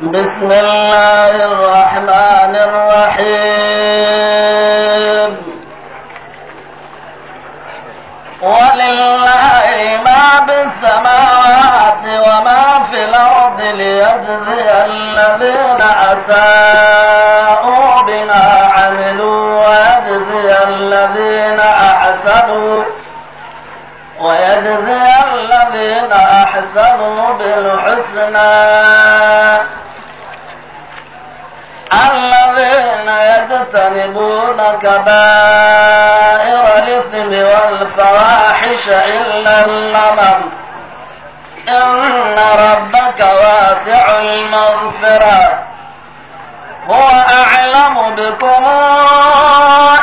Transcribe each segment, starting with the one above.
بسم الله الرحمن الرحيم ولله ما في السماوات وما في الأرض ليجزي الذين أساءوا بما عملوا ويجزي الذين أحسنوا ويجزي الذين أحسنوا بالحسنى الذين يجتنبون كبائر الإثم والفواحش إلا اللمم إن ربك واسع المغفرة هو أعلم بكم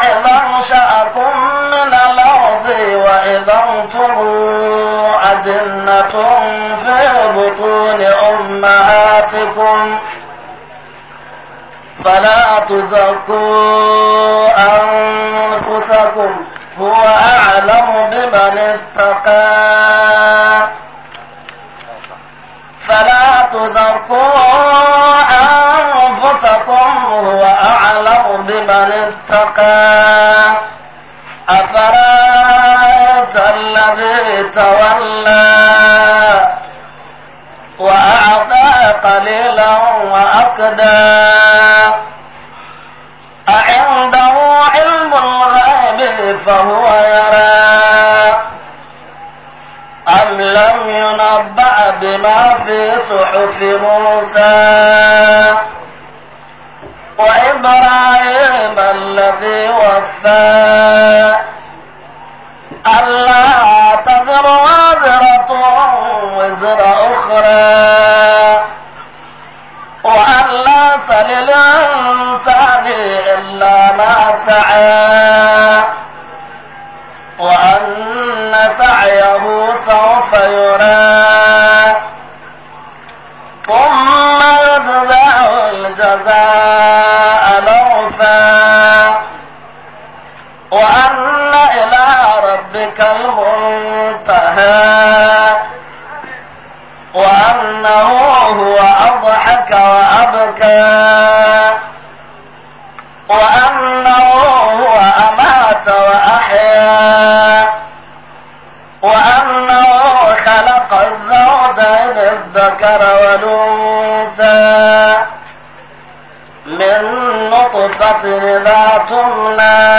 إذا انشأكم من الأرض وإذا أنتم أجنة في بطون أمهاتكم فلا تزكوا أنفسكم هو أعلم بمن اتقى فلا تزكوا أنفسكم هو أعلم بمن اتقى أفرأيت الذي تولى وأعطى قليلا وأكدى فهو يرى أم لم ينبأ بما في صحف موسى وإبراهيم الذي وفى ألا تذر وازرة وزر أخرى وأن ليس للإنسان إلا ما سعى سعيه سوف يرى ثم يجزاه الجزاء لغفا وأن إلى ربك المنتهى وأنه هو أضحك وأبكى وأنه هو أمات وأحيا وأنه خلق الزوجين الذكر والأنثى من نطفة إذا تمنى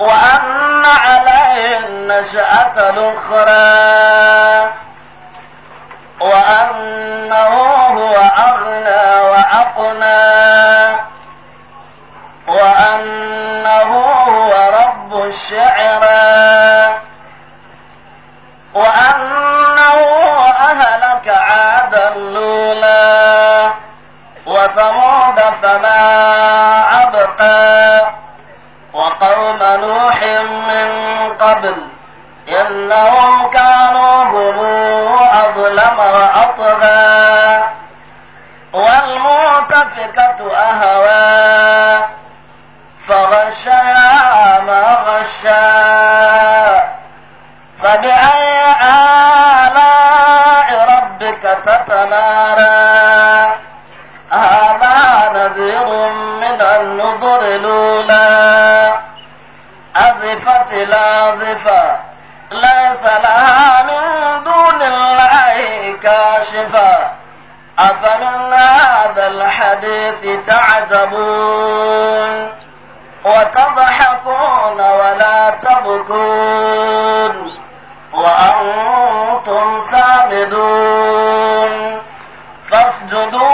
وأن عليه النشأة الأخرى وأنه هو أغنى وأقنى ما أبقى وقوم نوح من قبل إنهم كانوا هم أظلم وأطغى والمؤتفكة أهوى فغشى ما غشى فبأي آلاء ربك تتمارى نذير من النذر الأولى أزفت الآزفة ليس لها من دون الله كاشفة أفمن هذا الحديث تعجبون وتضحكون ولا تبكون وأنتم سامدون فاسجدوا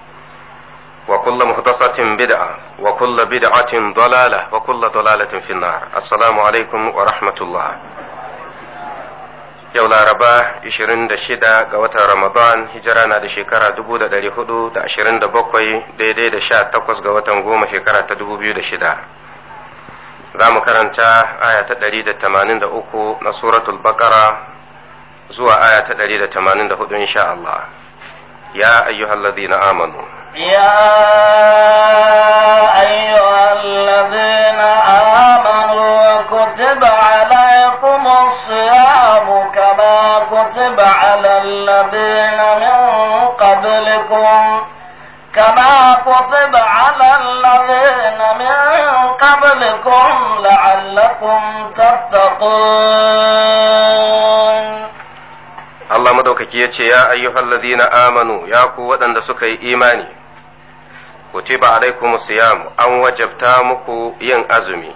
وكل محدثة بدعة وكل بدعة ضلالة وكل ضلالة في النار السلام عليكم ورحمة الله yau laraba 26 ga watan ramadan hijira na da shekara 427 daidai da 18 ga watan goma shekara ta 2006 za mu karanta aya ta 183 na suratul bakara zuwa aya ta 184 insha Allah ya ayyuhallazina amanu يا أيها الذين آمنوا كتب عليكم الصيام كما كتب على الذين من قبلكم كما كتب على الذين من قبلكم لعلكم تتقون Allah madaukaki ya ce, Ya ayyuhallazina amanu, ya ku waɗanda suka yi imani, kutiba alaikum siyam an wajabta muku yin azumi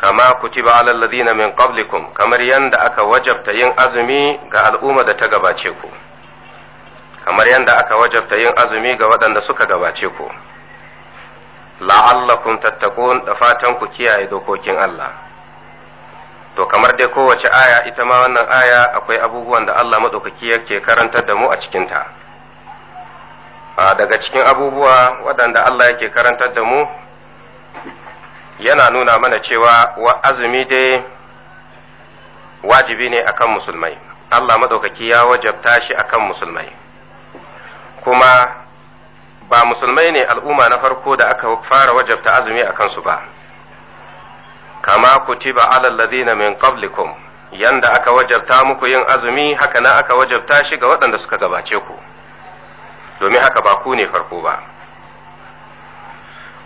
kama kutiba alal ladina min qablikum kamar yanda aka wajabta yin azumi ga al'umma da ta gabace ku kamar yanda aka wajabta yin azumi ga waɗanda suka gabace ku la'allakum tattaqun da fatan ku kiyaye dokokin Allah to kamar dai kowace aya ita ma wannan aya akwai abubuwan da Allah madaukaki yake karantar da mu a cikinta daga cikin abubuwa waɗanda Allah yake karantar da mu yana nuna mana cewa wa azumi dai wajibi ne akan musulmai Allah maɗaukaki ya wajabta shi akan musulmai kuma ba musulmai ne al'umma na farko da aka fara wajabta azumi a kansu ba kama kutiba alal ladina min qablikum yanda aka wajabta muku yin azumi haka na aka wajabta shi ga waɗanda suka gabace ku domin haka ba ku ne farko ba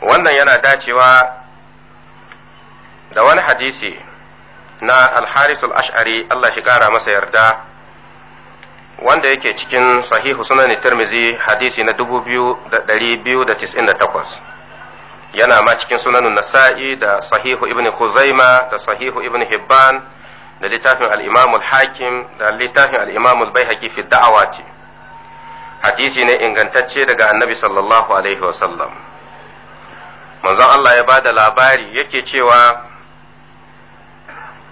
wannan yana dacewa da wani hadisi na alharis ash'ari Allah shi kara masa yarda wanda yake cikin sahihu sunan tirmizi hadisi na 2298 yana ma cikin sunan nasa'i da sahihu ibn khuzaima da sahihu ibn hibban da littafin al-imam hakim da littafin al-imam al-baihaqi fi da'awati hadisi ne ingantacce daga annabi sallallahu alaihi wasallam manzon Allah ya bada labari yake cewa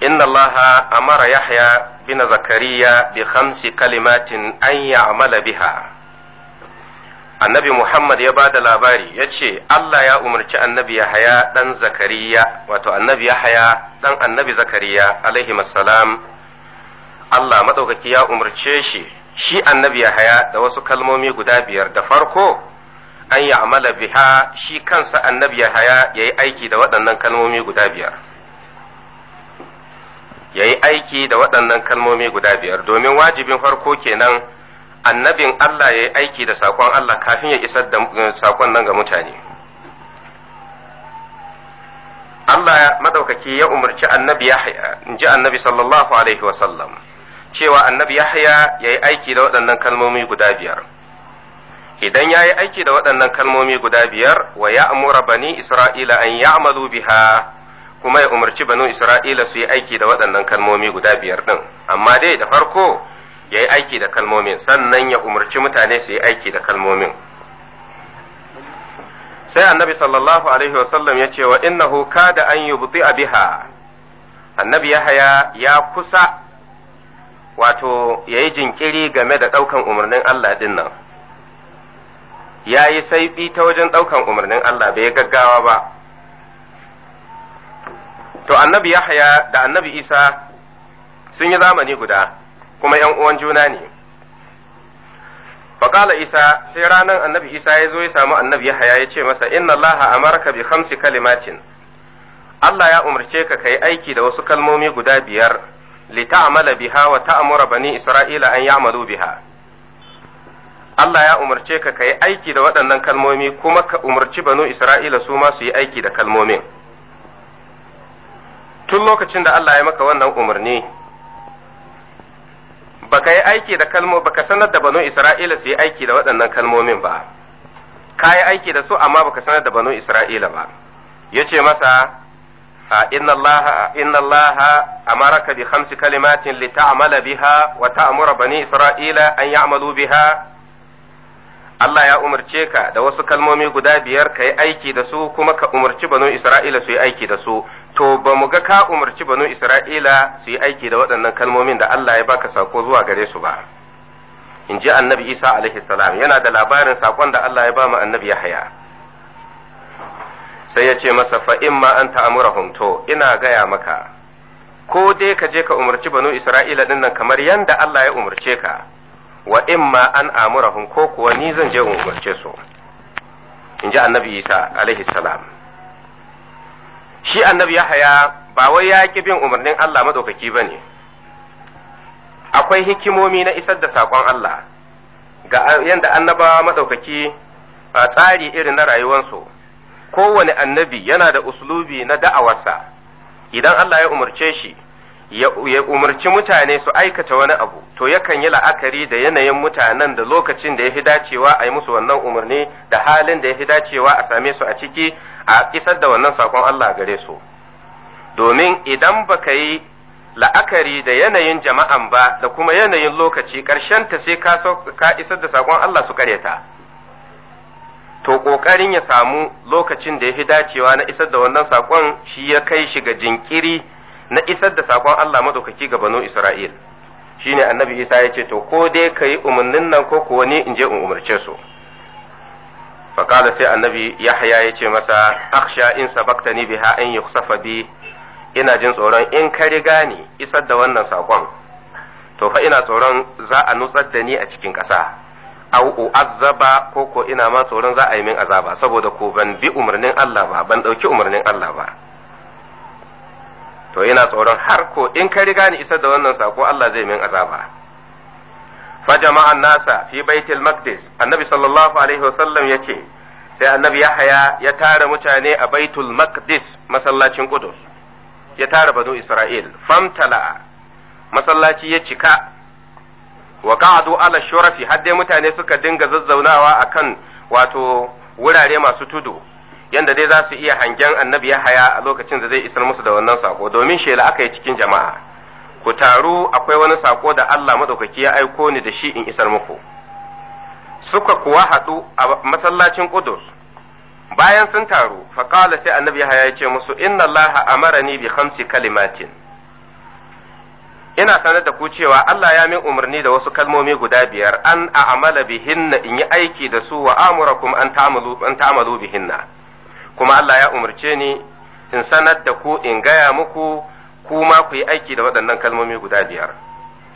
inna Allah amara Yahya bin Zakariya bi khamsi kalimatin an ya'mala biha annabi Muhammad ya bada labari ya ce Allah ya umarci annabi Yahaya ɗan Zakariya wato annabi Yahaya ɗan annabi Zakariya alaihi salam Allah maɗaukaki ya umarce shi shi annabi ya haya da wasu kalmomi guda biyar da farko an yi amala biha shi kansa annabi Yahaya ya yi aiki da waɗannan kalmomi guda biyar. Ya yi aiki da waɗannan kalmomi guda biyar domin wajibin farko kenan annabin Allah ya yi aiki da saƙon Allah kafin ya isar da eh, saƙon nan ga mutane. Allah madaukaki ya umarci annabi haya, in ji annabi sallallahu alaihi wasallam. sallam cewa annabi ya haya ya yi aiki da waɗannan kalmomi guda biyar. Idan ya yi aiki da waɗannan kalmomi guda biyar wa ya amura bani Isra'ila an ya amalu biha kuma ya umarci banu Isra'ila su yi aiki da waɗannan kalmomi guda biyar ɗin, amma dai da farko ya yi aiki da kalmomin sannan ya umarci mutane su yi aiki da kalmomin. Sai annabi sallallahu alaihi wasallam ya ce wa innahu kada an a biha annabi ya haya ya kusa wato ya yi jinkiri game da ɗaukan umarnin Allah ɗin nan ya yi saifi ta wajen ɗaukan umarnin Allah bai gaggawa ba to annabi Yahaya da annabi Isa sun yi zamani guda kuma ‘yan uwan juna ne faƙala Isa sai ranar annabi Isa ya zo ya samu annabi Yahaya ya ce masa inna Allah amarka bi khamsi kalimacin. Allah ya umarce ka ka yi aiki da wasu kalmomi guda biyar lita'amala biha wa ta'amura bani isra'ila an ya'malu biha Allah ya umarce ka kai aiki da waɗannan kalmomi kuma ka umarci banu Isra'ila su ma su yi aiki da kalmomin tun lokacin da Allah ya maka wannan umarni baka yi aiki da kalmo baka sanar da banu Isra'ila su yi aiki da waɗannan kalmomin ba ka yi aiki da su amma baka sanar da banu Isra'ila ba yace masa إن الله إن الله أمرك بخمس biha لتعمل بها وتأمر بني إسرائيل أن يعملوا بها Allah ya umarce ka da wasu kalmomi guda biyar ka yi aiki da su kuma ka umarci banu Isra'ila su yi aiki da su, to ba mu ga ka umarci banu Isra'ila su yi aiki da waɗannan kalmomin da Allah ya baka sako zuwa gare su ba. In ji annabi Isa alaihi salam yana da labarin sakon da Allah ya ba mu annabi Yahaya. sai ya ce masa fa ma an ta'amurahum to ina gaya maka ko dai ka je ka umarci banu isra'ila dinnan kamar yanda Allah ya umarce ka wa in ma an amurahum ko kuwa ni zan je in umarce su in ji annabi isa alaihi salam shi annabi yahaya ba wai ya bin umarnin Allah madaukaki bane akwai hikimomi na isar da saƙon Allah ga yanda annabawa madaukaki a tsari irin na rayuwarsu kowane annabi yana da uslubi na da'awarsa idan Allah ya umarce shi ya umarci mutane su aikata wani abu to yakan yi la'akari da yanayin mutanen da lokacin da ya fi dacewa a yi musu wannan umarni da halin da ya fi dacewa a same su a ciki a isar da wannan sakon Allah gare su domin idan baka yi la'akari da yanayin jama'an ba da kuma yanayin lokaci ta sai ka isar da sakon Allah su kareta. to ƙoƙarin ya samu lokacin da ya fi dacewa na isar da wannan saƙon shi ya kai shi ga jinkiri na isar da saƙon Allah madaukaki ga banu Isra'il shine annabi Isa ya ce to ko dai ka yi umarnin nan ko kuwa ni in je in umarce su faƙala sai annabi Yahya ya ce masa aksha in sabaktani biha an yuksafa bi ina jin tsoron in ka riga ni isar da wannan saƙon to fa ina tsoron za a nutsar da ni a cikin ƙasa au azaba ko ko ina ma tsoron za a yi min azaba saboda ko ban bi umarnin Allah ba ban ɗauki umarnin Allah ba to ina tsoron har ko in ka riga ni isar da wannan sako Allah zai min azaba fa jama'an nasa fi baitul maqdis annabi sallallahu alaihi wasallam yace sai annabi yahaya ya tara mutane a baitul maqdis masallacin qudus ya tara banu isra'il famtala masallaci ya cika wa ka'adu ala shurafi har dai mutane suka dinga zazzaunawa akan wato wurare masu tudu yanda dai za su iya hangen annabi ya haya a lokacin da zai isar musu da wannan sako domin shela aka yi cikin jama'a ku taru akwai wani sako da Allah madaukaki ya aiko ni da shi in isar muku suka kuwa haɗu a masallacin Qudus bayan sun taru faqala sai annabi ya haya ya ce musu inna Allah amarani bi khamsi kalimatin ina sanar da ku cewa Allah ya min umarni da wasu kalmomi guda biyar an amala bihinna in yi aiki da su wa amurakum an ta'amalu bihinna kuma Allah ya umarce ni in sanar da ku in gaya muku kuma ku yi aiki da waɗannan kalmomi guda biyar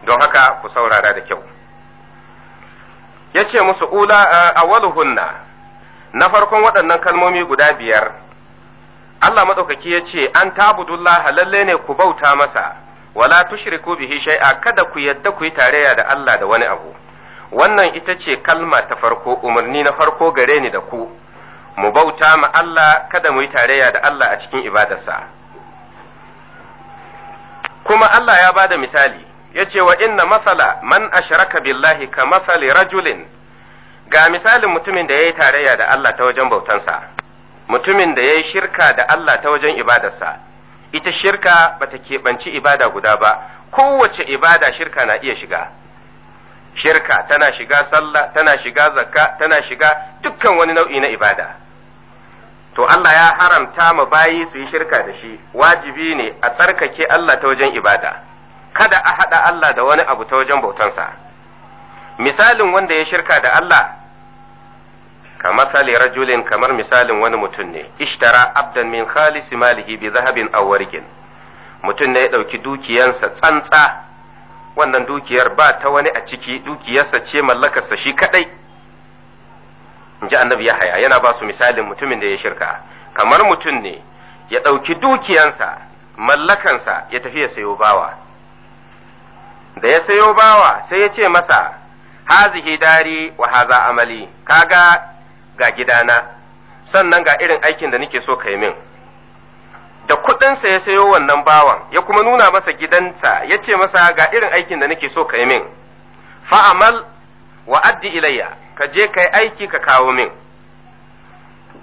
don haka ku saurara da kyau yace musu ula awwaluhunna na farkon waɗannan kalmomi guda biyar Allah ya ce an tabudullah lalle ne ku bauta masa wala tushriku bihi shay'a kada ku yadda ku yi tarayya da Allah da wani abu wannan ita ce kalma ta farko umarni na farko gare ni da ku mu bauta ma Allah kada mu yi tarayya da Allah a cikin ibadarsa kuma Allah ya bada misali ya ce wa inna masala man ashraka billahi ka masali rajulin ga misalin mutumin da ya yi tarayya da Allah ta wajen bautansa mutumin da ya yi shirka da Allah ta wajen ibadarsa ita shirka bata keɓanci ibada guda ba kowace ibada shirka na iya shiga shirka tana shiga sallah tana shiga zakka tana shiga dukkan wani nau'i na ibada to Allah ya haramta ma bayi su yi shirka da shi wajibi ne a tsarkake Allah ta wajen ibada kada a haɗa Allah da wani abu ta wajen bautansa misalin wanda ya shirka da Allah kamar sali rajulin kamar misalin wani mutum ne ishtara abdan min khalisi malihi bi zahabin warqin mutum ne ya ɗauki dukiyansa tsantsa wannan dukiyar ba ta wani a ciki dukiyarsa ce mallakarsa shi kadai inji annabi ya yahaya yana ba su misalin mutumin da ya shirka kamar mutum ne ya ɗauki dukiyansa mallakansa ya tafi ya sayo bawa da ya sayo bawa sai ya ce masa hazihi dari wa haza amali kaga ga gidana sannan ga irin aikin da nake so kai min da kuɗinsa ya sayo wannan bawan ya kuma nuna masa gidansa ya ce masa ga irin aikin da nake so kai min fa'amal wa addi ilayya ka je kai aiki ka kawo min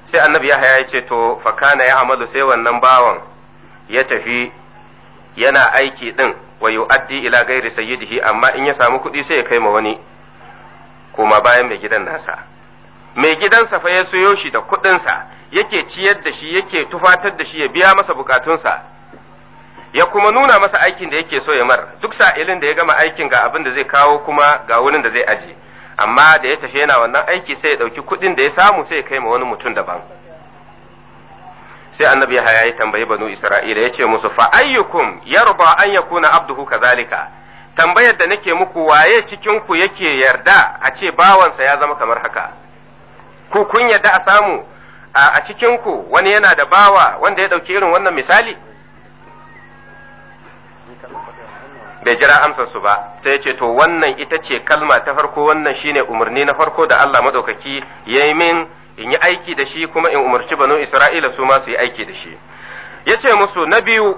sai annabi yahaya ya ce to fakana ya amalu sai wannan bawan ya tafi yana aiki din wa yu'addi ila gairi sayyidihi amma in ya samu kuɗi sai ya kai ma wani kuma bayan mai gidan nasa mai gidansa fa ya soyo shi da kuɗinsa yake ciyar da shi yake tufatar da shi ya biya masa bukatunsa ya kuma nuna masa aikin da yake so ya mar duk sa'ilin da ya gama aikin ga abin da zai kawo kuma ga wurin da zai aje amma da ya tafi yana wannan aiki sai ya ɗauki kuɗin da ya samu sai ya kai ma wani mutum daban sai annabi ya yi ya tambayi banu isra'ila ya ce musu fa ayyukum yarba an yakuna abduhu kazalika tambayar da nake muku waye cikin ku yake yarda a ce bawansa ya zama kamar haka ko kun yadda a samu a cikinku wani yana da bawa wanda ya ɗauki irin wannan misali bai jira amsar ba sai ya ce to wannan ita ce kalma ta farko wannan shine umarni na farko da Allah madaukaki ya yi min in yi aiki da shi kuma in umarci banu Isra'ila su masu yi aiki da shi ya ce musu na biyu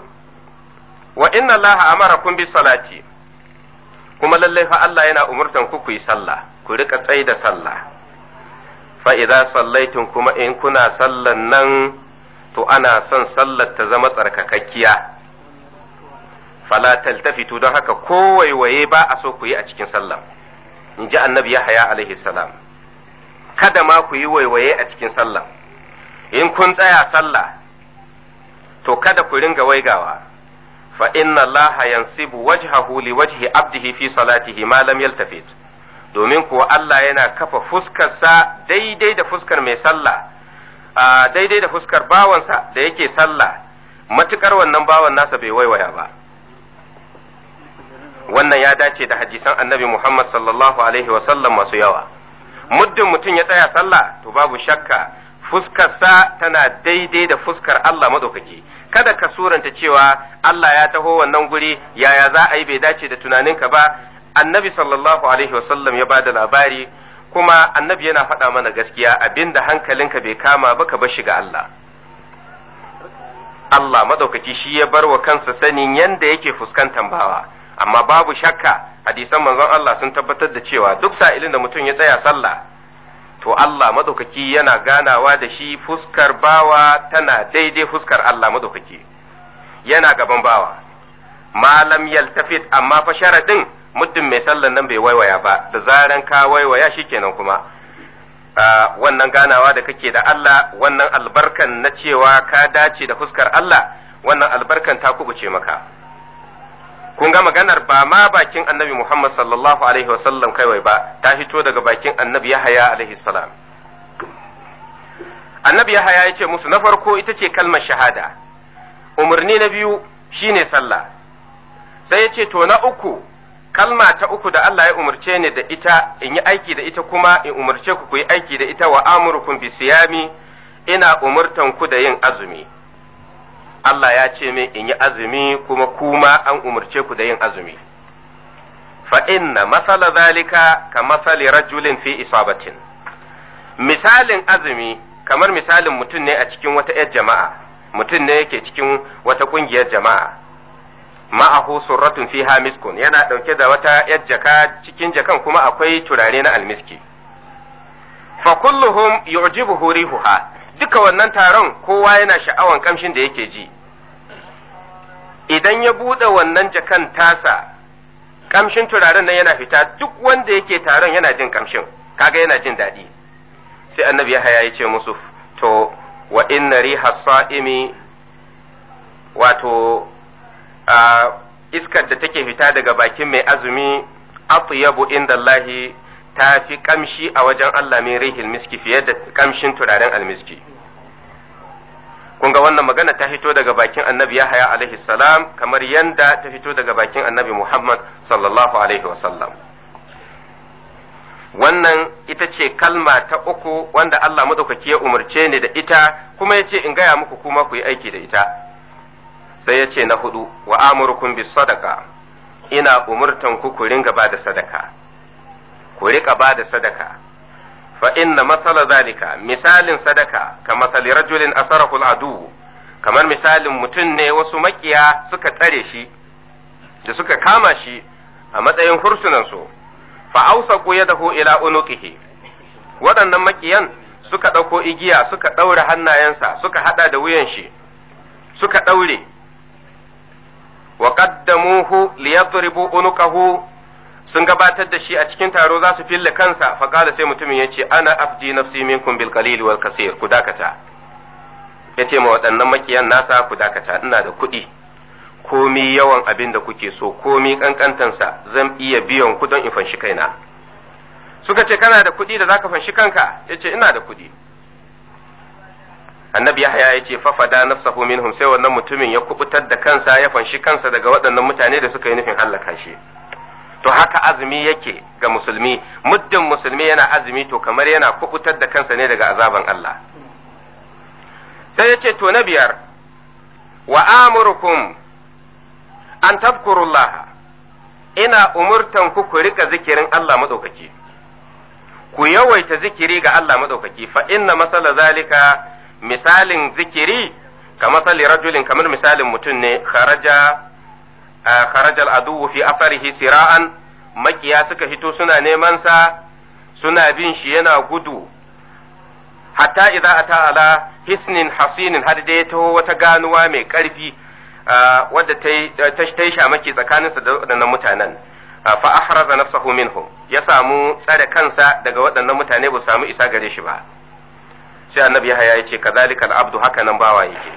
wa inna Allah amara kun bi salati kuma lallai fa Allah yana umurtan ku ku yi sallah ku rika tsaida da sallah Fa'ida idza kuma in kuna sallar nan to ana son sallar ta zama tsarkakakkiya fala taltafitu don haka ko kowaiwaye ba a so ku yi a cikin sallah in annabi yahaya alaihi salam kada ma ku yi waiwaye a cikin sallah in kun tsaya sallah to kada ku ringa waigawa fa inna allaha yansibu wajhahu li wajhi abdihi fi salatihi malam lam yaltafit domin kuwa Allah yana kafa fuskarsa daidai da fuskar mai sallah daidai da fuskar bawansa da yake sallah matukar wannan bawan nasa bai waiwaya ba wannan ya dace da hadisan annabi Muhammad sallallahu alaihi wa sallam, masu yawa muddin mutum ya tsaya sallah to babu shakka fuskarsa tana daidai da fuskar Allah maɗaukaki kada ka suranta cewa Allah ya taho wannan guri yaya za a yi bai dace da tunaninka ba annabi sallallahu alaihi wasallam ya bada labari kuma annabi yana faɗa mana gaskiya abinda hankalinka bai kama ba ka bar shi ga Allah Allah madaukaki shi ya bar wa kansa sanin yanda yake fuskantar bawa amma babu shakka hadisan manzon Allah sun tabbatar da cewa duk sa'ilin da mutum ya tsaya sallah to Allah madaukaki yana ganawa da shi fuskar bawa tana daidai fuskar Allah madaukaki yana gaban bawa malam yaltafit amma fa sharadin muddin mai sallan nan bai waiwaya ba da zaran ka waiwaya shi kenan kuma wannan ganawa da kake da Allah wannan albarkan na cewa ka dace da fuskar Allah wannan albarkan ta kubuce maka kun ga maganar ba ma bakin annabi Muhammad sallallahu alaihi wasallam kaiwai ba ta fito daga bakin annabi Yahaya alaihi salam annabi Yahaya ya ce musu na farko ita ce kalmar shahada umarni na biyu shine sallah sai ya ce to na uku kalma ta uku da Allah ya umarce ni da ita in yi aiki da ita kuma in umarce ku ku yi aiki da ita wa Amurkun bi siyami ina umurtan ku da yin azumi Allah ya ce min in yi azumi kuma kuma an umarce ku da yin azumi fa inna masala zalika ka masali rajulin fi isabatin misalin azumi kamar misalin mutum ne a cikin wata 'yar jama'a mutum ne yake cikin wata ƙungiyar jama'a ma'ahu surratun fiha miskun yana ɗauke da wata yar jaka cikin jakan kuma akwai turare na almiski fa kulluhum yu'jibuhu rihuha duka wannan taron kowa yana sha'awan kamshin da yake ji idan ya buɗe wannan jakan tasa kamshin turaren nan yana fita duk wanda yake taron yana jin kamshin kaga yana jin daɗi sai annabi Yahaya ya ce musu to wa inna riha sa'imi wato iskar da take fita daga bakin mai azumi atyabu inda Allahi ta fi kamshi a wajen Allah mai rihil miski fiye da kamshin turaren almiski kun ga wannan magana ta fito daga bakin annabi yahaya alaihi salam kamar yadda ta fito daga bakin annabi muhammad sallallahu alaihi wasallam wannan ita ce kalma ta uku wanda Allah madaukaki ya umarce ni da ita kuma ya ce in gaya muku kuma ku yi aiki da ita sai ya ce na hudu wa amurkun bi sadaka ina umurtan ku ku ringa ba da sadaka ku rika ba da sadaka fa inna masala zalika misalin sadaka ka masali rajulin asarahu al'adu kamar misalin mutum ne wasu makiya suka tsare shi da suka kama shi a matsayin hursunan su fa ya yadahu ila unuqihi waɗannan makiyan suka ɗauko igiya suka ɗaure hannayensa suka haɗa da wuyan shi suka ɗaure wa qaddamuhu liyadribu unuqahu sun gabatar da shi a cikin taro za su fille kansa faqala sai mutumin ya ce ana abdi nafsi minkum bil qalil wal kaseer ku dakata yace ma waɗannan makiyan nasa ku dakata ina da kuɗi komi yawan abin da kuke so komi kankantansa zan iya biyan ku don in fanshi kaina suka ce kana da kuɗi da zaka fanshi kanka yace ina da kuɗi annabi yahya ya ce fafada nafsahu minhum sai wannan mutumin ya kubutar da kansa ya fanshi kansa daga waɗannan mutane da suka yi nufin hallaka shi to haka azumi yake ga musulmi muddin musulmi yana azumi to kamar yana kubutar da kansa ne daga azaban Allah sai ya ce to na biyar wa amurukum an tabkurullah ina umurtan ku ku rika zikirin Allah madaukaki ku yawaita zikiri ga Allah madaukaki fa inna masala zalika misalin zikiri ka masali rajulin kamar misalin mutum ne kharaja kharaja al'adu fi afarihi sira'an makiya suka hito suna neman sa suna bin shi yana gudu hatta idza ata ala hisnin hasinin har dai ta wata ganuwa mai karfi wadda ta yi shamaki tsakaninsa da waɗannan mutanen fa ahraza nafsahu minhum ya samu tsare kansa daga waɗannan mutane ba samu isa gare shi ba sai annabi yahaya ya ce kazalika al-abdu haka nan bawa yake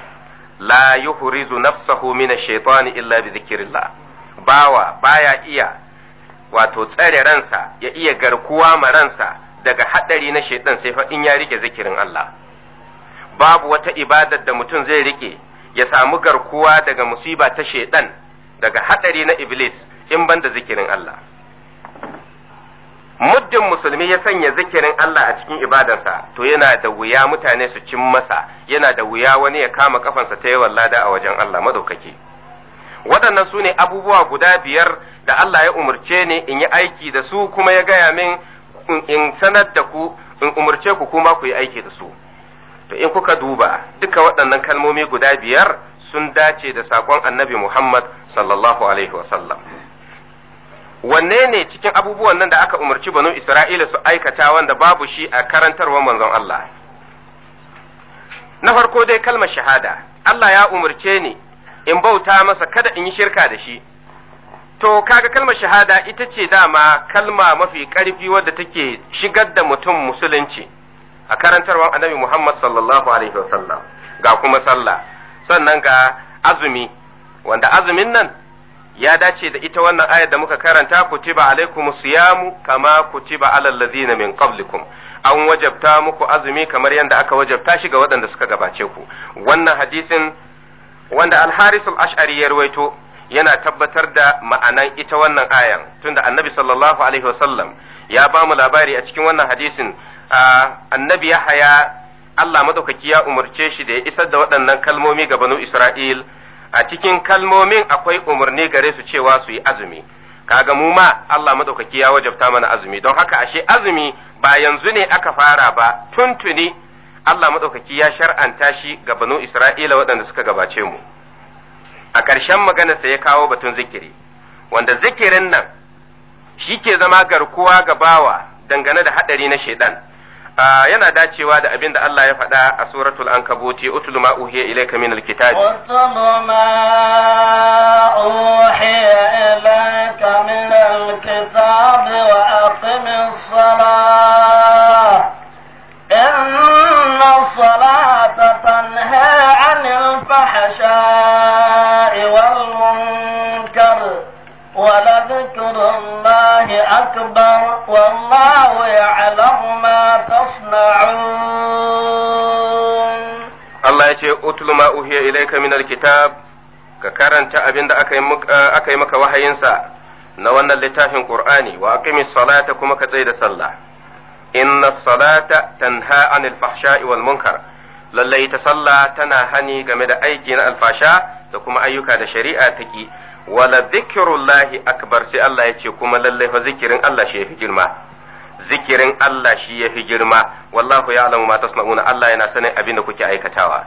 la yuhrizu nafsahu min ash-shaytani illa bi dhikrillah bawa baya iya wato tsare ransa ya iya garkuwa ma ransa daga hadari na shaitan sai fa in ya rike zikirin Allah babu wata ibadar da mutum zai rike ya samu garkuwa daga musiba ta shaitan daga hadari na iblis in banda zikirin Allah muddin musulmi ya sanya zikirin Allah a cikin ibadarsa to yana da wuya mutane su cin masa yana da wuya wani ya kama kafansa ta yawan lada a wajen Allah madaukake waɗannan su ne abubuwa guda biyar da Allah ya umarce ni in yi aiki da su kuma ya gaya min in sanar da ku in umarce ku kuma ku yi aiki da su to in kuka duba duka waɗannan kalmomi guda biyar sun dace da sakon annabi Muhammad sallallahu alaihi wa sallam wanne ne cikin abubuwan nan da aka umarci banu Isra'ila su aikata wanda babu shi a karantarwar manzon Allah. Na farko dai kalmar shahada, Allah ya umarce ni in bauta masa kada in yi shirka da shi. To, kaga kalmar shahada ita ce dama kalma mafi ƙarfi wadda take shigar da mutum musulunci a karantarwar annabi Muhammad sallallahu Alaihi wasallam ga kuma sallah, sannan ga azumi, wanda azumin nan ya dace da ita wannan ayar da muka karanta kutiba alaikum siyamu kama kutiba alal ladzina min qablikum an wajabta muku azumi kamar yadda aka wajabta shi ga waɗanda suka gabace ku wannan hadisin wanda al-Haris al-Ash'ari ya rawaito yana tabbatar da ma'anan ita wannan ayan tunda annabi sallallahu alaihi wasallam ya ba mu labari a cikin wannan hadisin annabi Yahaya Allah madaukaki ya umarce shi da ya isar da waɗannan kalmomi ga banu Isra'il a cikin kalmomin akwai umarni gare su cewa su yi azumi kaga mu ma Allah madaukaki ya wajabta mana azumi don haka ashe azumi ba yanzu ne aka fara ba tuntuni Allah madaukaki ya shar'anta shi ga banu Isra'ila waɗanda suka gabace mu a ƙarshen maganarsa ya kawo batun zikiri wanda zikirin nan shi ke zama garkuwa ga bawa dangane da haɗari na shedan. Ah, yana dacewa da abin da Allah ya faɗa a suratul ankabuti utul ma uhiya ilayka min alkitabi utul ma uhiya ilayka min alkitabi wa aqimis salah inna salata tanha 'anil fahsha'i wal munkar wa ladhkuru الله أكبر والله يعلم ما تصنعون الله يتي أتل ما أوهي إليك من الكتاب ككرن تأبين أكي مك وحينسا نوانا لتاهن قرآني وأقم الصلاة كما كتير صلى إن الصلاة تنهى عن الفحشاء والمنكر lallai ta sallah tana hani game da aiki na alfasha da kuma ayyuka da shari'a ta ki wala zikirullahi akbar sai Allah ya ce kuma lallai fa zikirin Allah shi yafi girma zikirin Allah shi yafi girma wallahu ya'lamu ma tasma'una Allah yana sanin abin da kuke aikatawa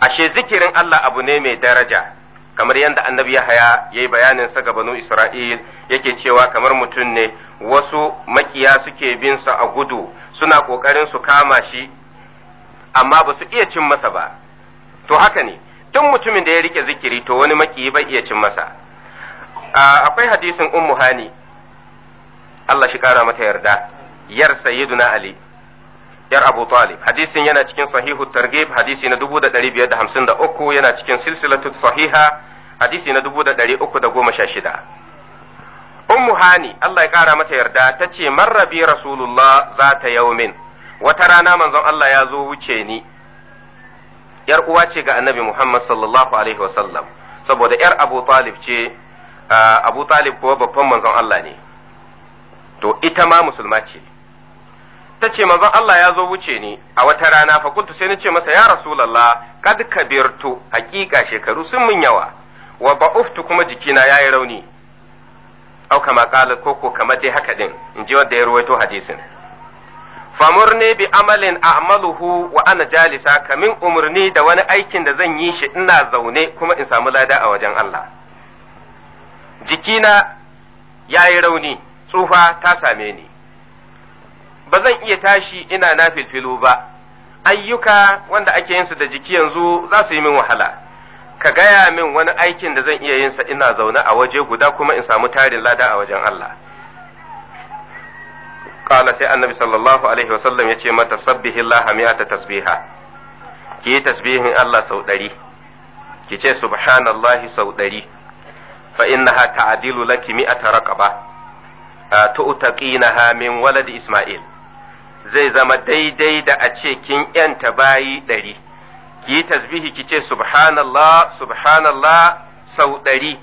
ashe zikirin Allah abu ne mai daraja kamar yadda annabi Yahaya yayi bayanin sa ga banu Isra'il yake cewa kamar mutum ne wasu makiya suke bin sa a gudu suna kokarin su kama shi amma ba su iya cin masa ba to haka ne duk mutumin da ya rike zikiri to wani maki bai iya cin masa akwai hadisin ummu hani Allah shi kara mata yarda yar sayyiduna ali yar abu talib hadisin yana cikin sahihu targhib hadisi na 1553 yana cikin silsilatu sahiha hadisi na 1316 ummu hani Allah ya kara mata yarda tace marrabi rasulullah zata yaumin wata rana manzon Allah ya zo wuce ni ‘yar uwa ce ga annabi Muhammad sallallahu Alaihi wasallam, saboda ‘yar Abu Talib ce, Abu Talib kuwa babban manzon Allah ne, to ita ma musulma ce. Ta ce manzon Allah ya zo wuce ni a wata rana kuntu sai na ce masa ya rasulullah kad kabirtu hakika shekaru sun mun yawa wa ba'uftu kuma jikina ya yi rauni. Au kama ko koko kamar dai haka din in ji wanda ya ruwaito hadisin. famurni bi amalin a'maluhu wa ana jalisa kamin umarni da wani aikin da zan yi shi ina zaune kuma in samu lada a wajen Allah jikina ya yi rauni tsufa ta same ni ba zan iya tashi ina na filfilu ba ayyuka wanda ake yinsu da jiki yanzu za su yi min wahala ka gaya min wani aikin da zan iya yinsa ina zaune a waje guda kuma in samu tarin lada a wajen Allah qala sai annabi sallallahu alaihi wasallam yace mata sabbihillaha mi'ata tasbiha ki yi tasbihin Allah sau ɗari ki ce subhanallahi sau ɗari fa innaha ta'dilu laki mi'ata raqaba tu'taqinaha min walad isma'il zai zama daidai da a ce kin yanta bayi ɗari ki yi tasbihi ki ce subhanallah subhanallah sau ɗari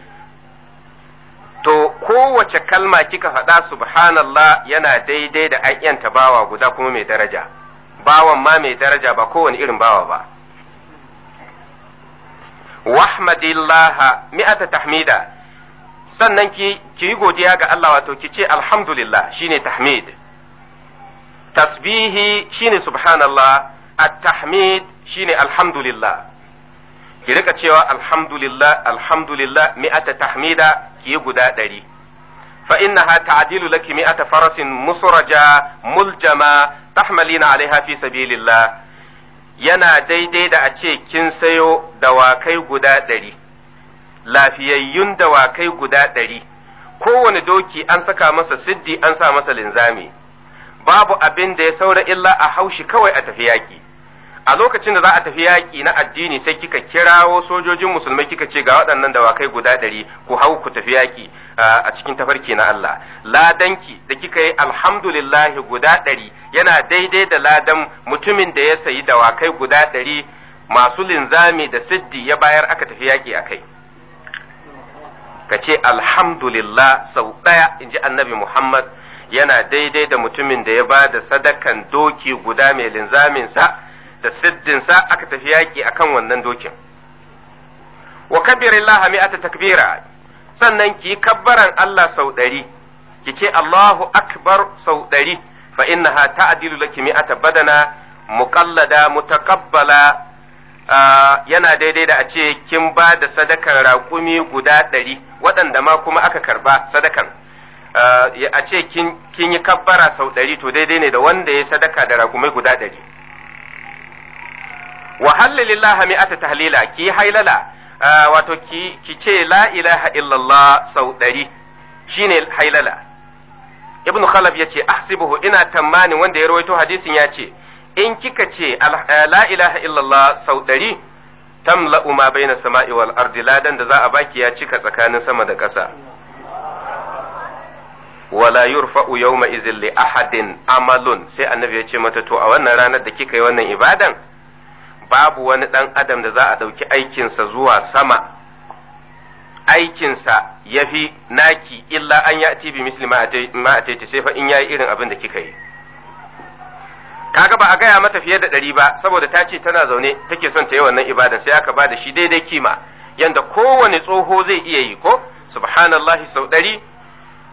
to kowace kalma kika faɗa subhanallah yana daidai da an bawa guda kuma mai daraja bawan ma mai daraja ba kowane irin bawa ba wahmadillah mi'ata tahmida sannan ki ki yi godiya ga Allah wato ki ce alhamdulillah shine tahmid tasbihi shine subhanallah at-tahmid shine alhamdulillah ki rika cewa alhamdulillah alhamdulillah mi'ata tahmida ki guda ɗari fa innaha ta'dilu laki mi'ata farasin musraja muljama tahmalina alaiha fi sabilillah yana daidai da a ce kin sayo dawakai guda ɗari lafiyayyun dawakai guda ɗari kowane doki an saka masa siddi an sa masa linzami babu abin da ya saura illa a haushi kawai a tafi yaki a lokacin da za a tafi yaƙi na addini sai kika kirawo sojojin musulmai kika ce ga waɗannan dawakai guda ɗari ku hau ku tafi yaƙi a cikin tafarki na Allah ladanki da kika yi alhamdulillahi guda ɗari yana daidai da ladan mutumin da ya sayi dawakai guda ɗari masu linzami da siddi ya bayar aka tafi yaƙi a kai ka ce alhamdulillah sau ɗaya in ji annabi Muhammad yana daidai da mutumin da ya ba da sadakan doki guda mai linzaminsa da siddin sa aka tafi yaƙi a kan wannan dokin wa kabirillaha mi'ata takbira sannan ki yi kabbaran Allah sau ɗari ki ce Allahu akbar sau ɗari fa innaha ta'dilu laki mi'ata badana muqallada mutaqabbala ah, yana daidai da a ce kin ba da sadakan raƙumi guda ɗari waɗanda ma kuma aka karba sadakan ah, a ce kin yi kabbara sau ɗari to daidai ne da wanda ya sadaka da raƙumai guda ɗari wa hallilillah mi'ata tahlila ki hailala wato ki ki ce la ilaha illallah sau ɗari shine hailala ibnu khalaf yace ahsibuhu ina tsammanin wanda ya rawaito hadisin ya ce in kika ce la ilaha illallah sau ɗari tamla ma baina sama'i wal ardi ladan da za a baki ya cika tsakanin sama da ƙasa wala yurfa'u yawma izin li ahadin amalun sai annabi ya ce mata to a wannan ranar da kika yi wannan ibadan babu wani ɗan adam da za a ɗauki aikinsa zuwa sama aikinsa ya fi naki illa an ya bi misli ma sai fa in ya yi irin abin da kika yi kaga ba a gaya mata fiye da ɗari ba saboda ta ce tana zaune take son ta yi wannan ibadan sai aka ba da shi daidai kima yanda kowane tsoho zai iya yi ko subhanallahi sau ɗari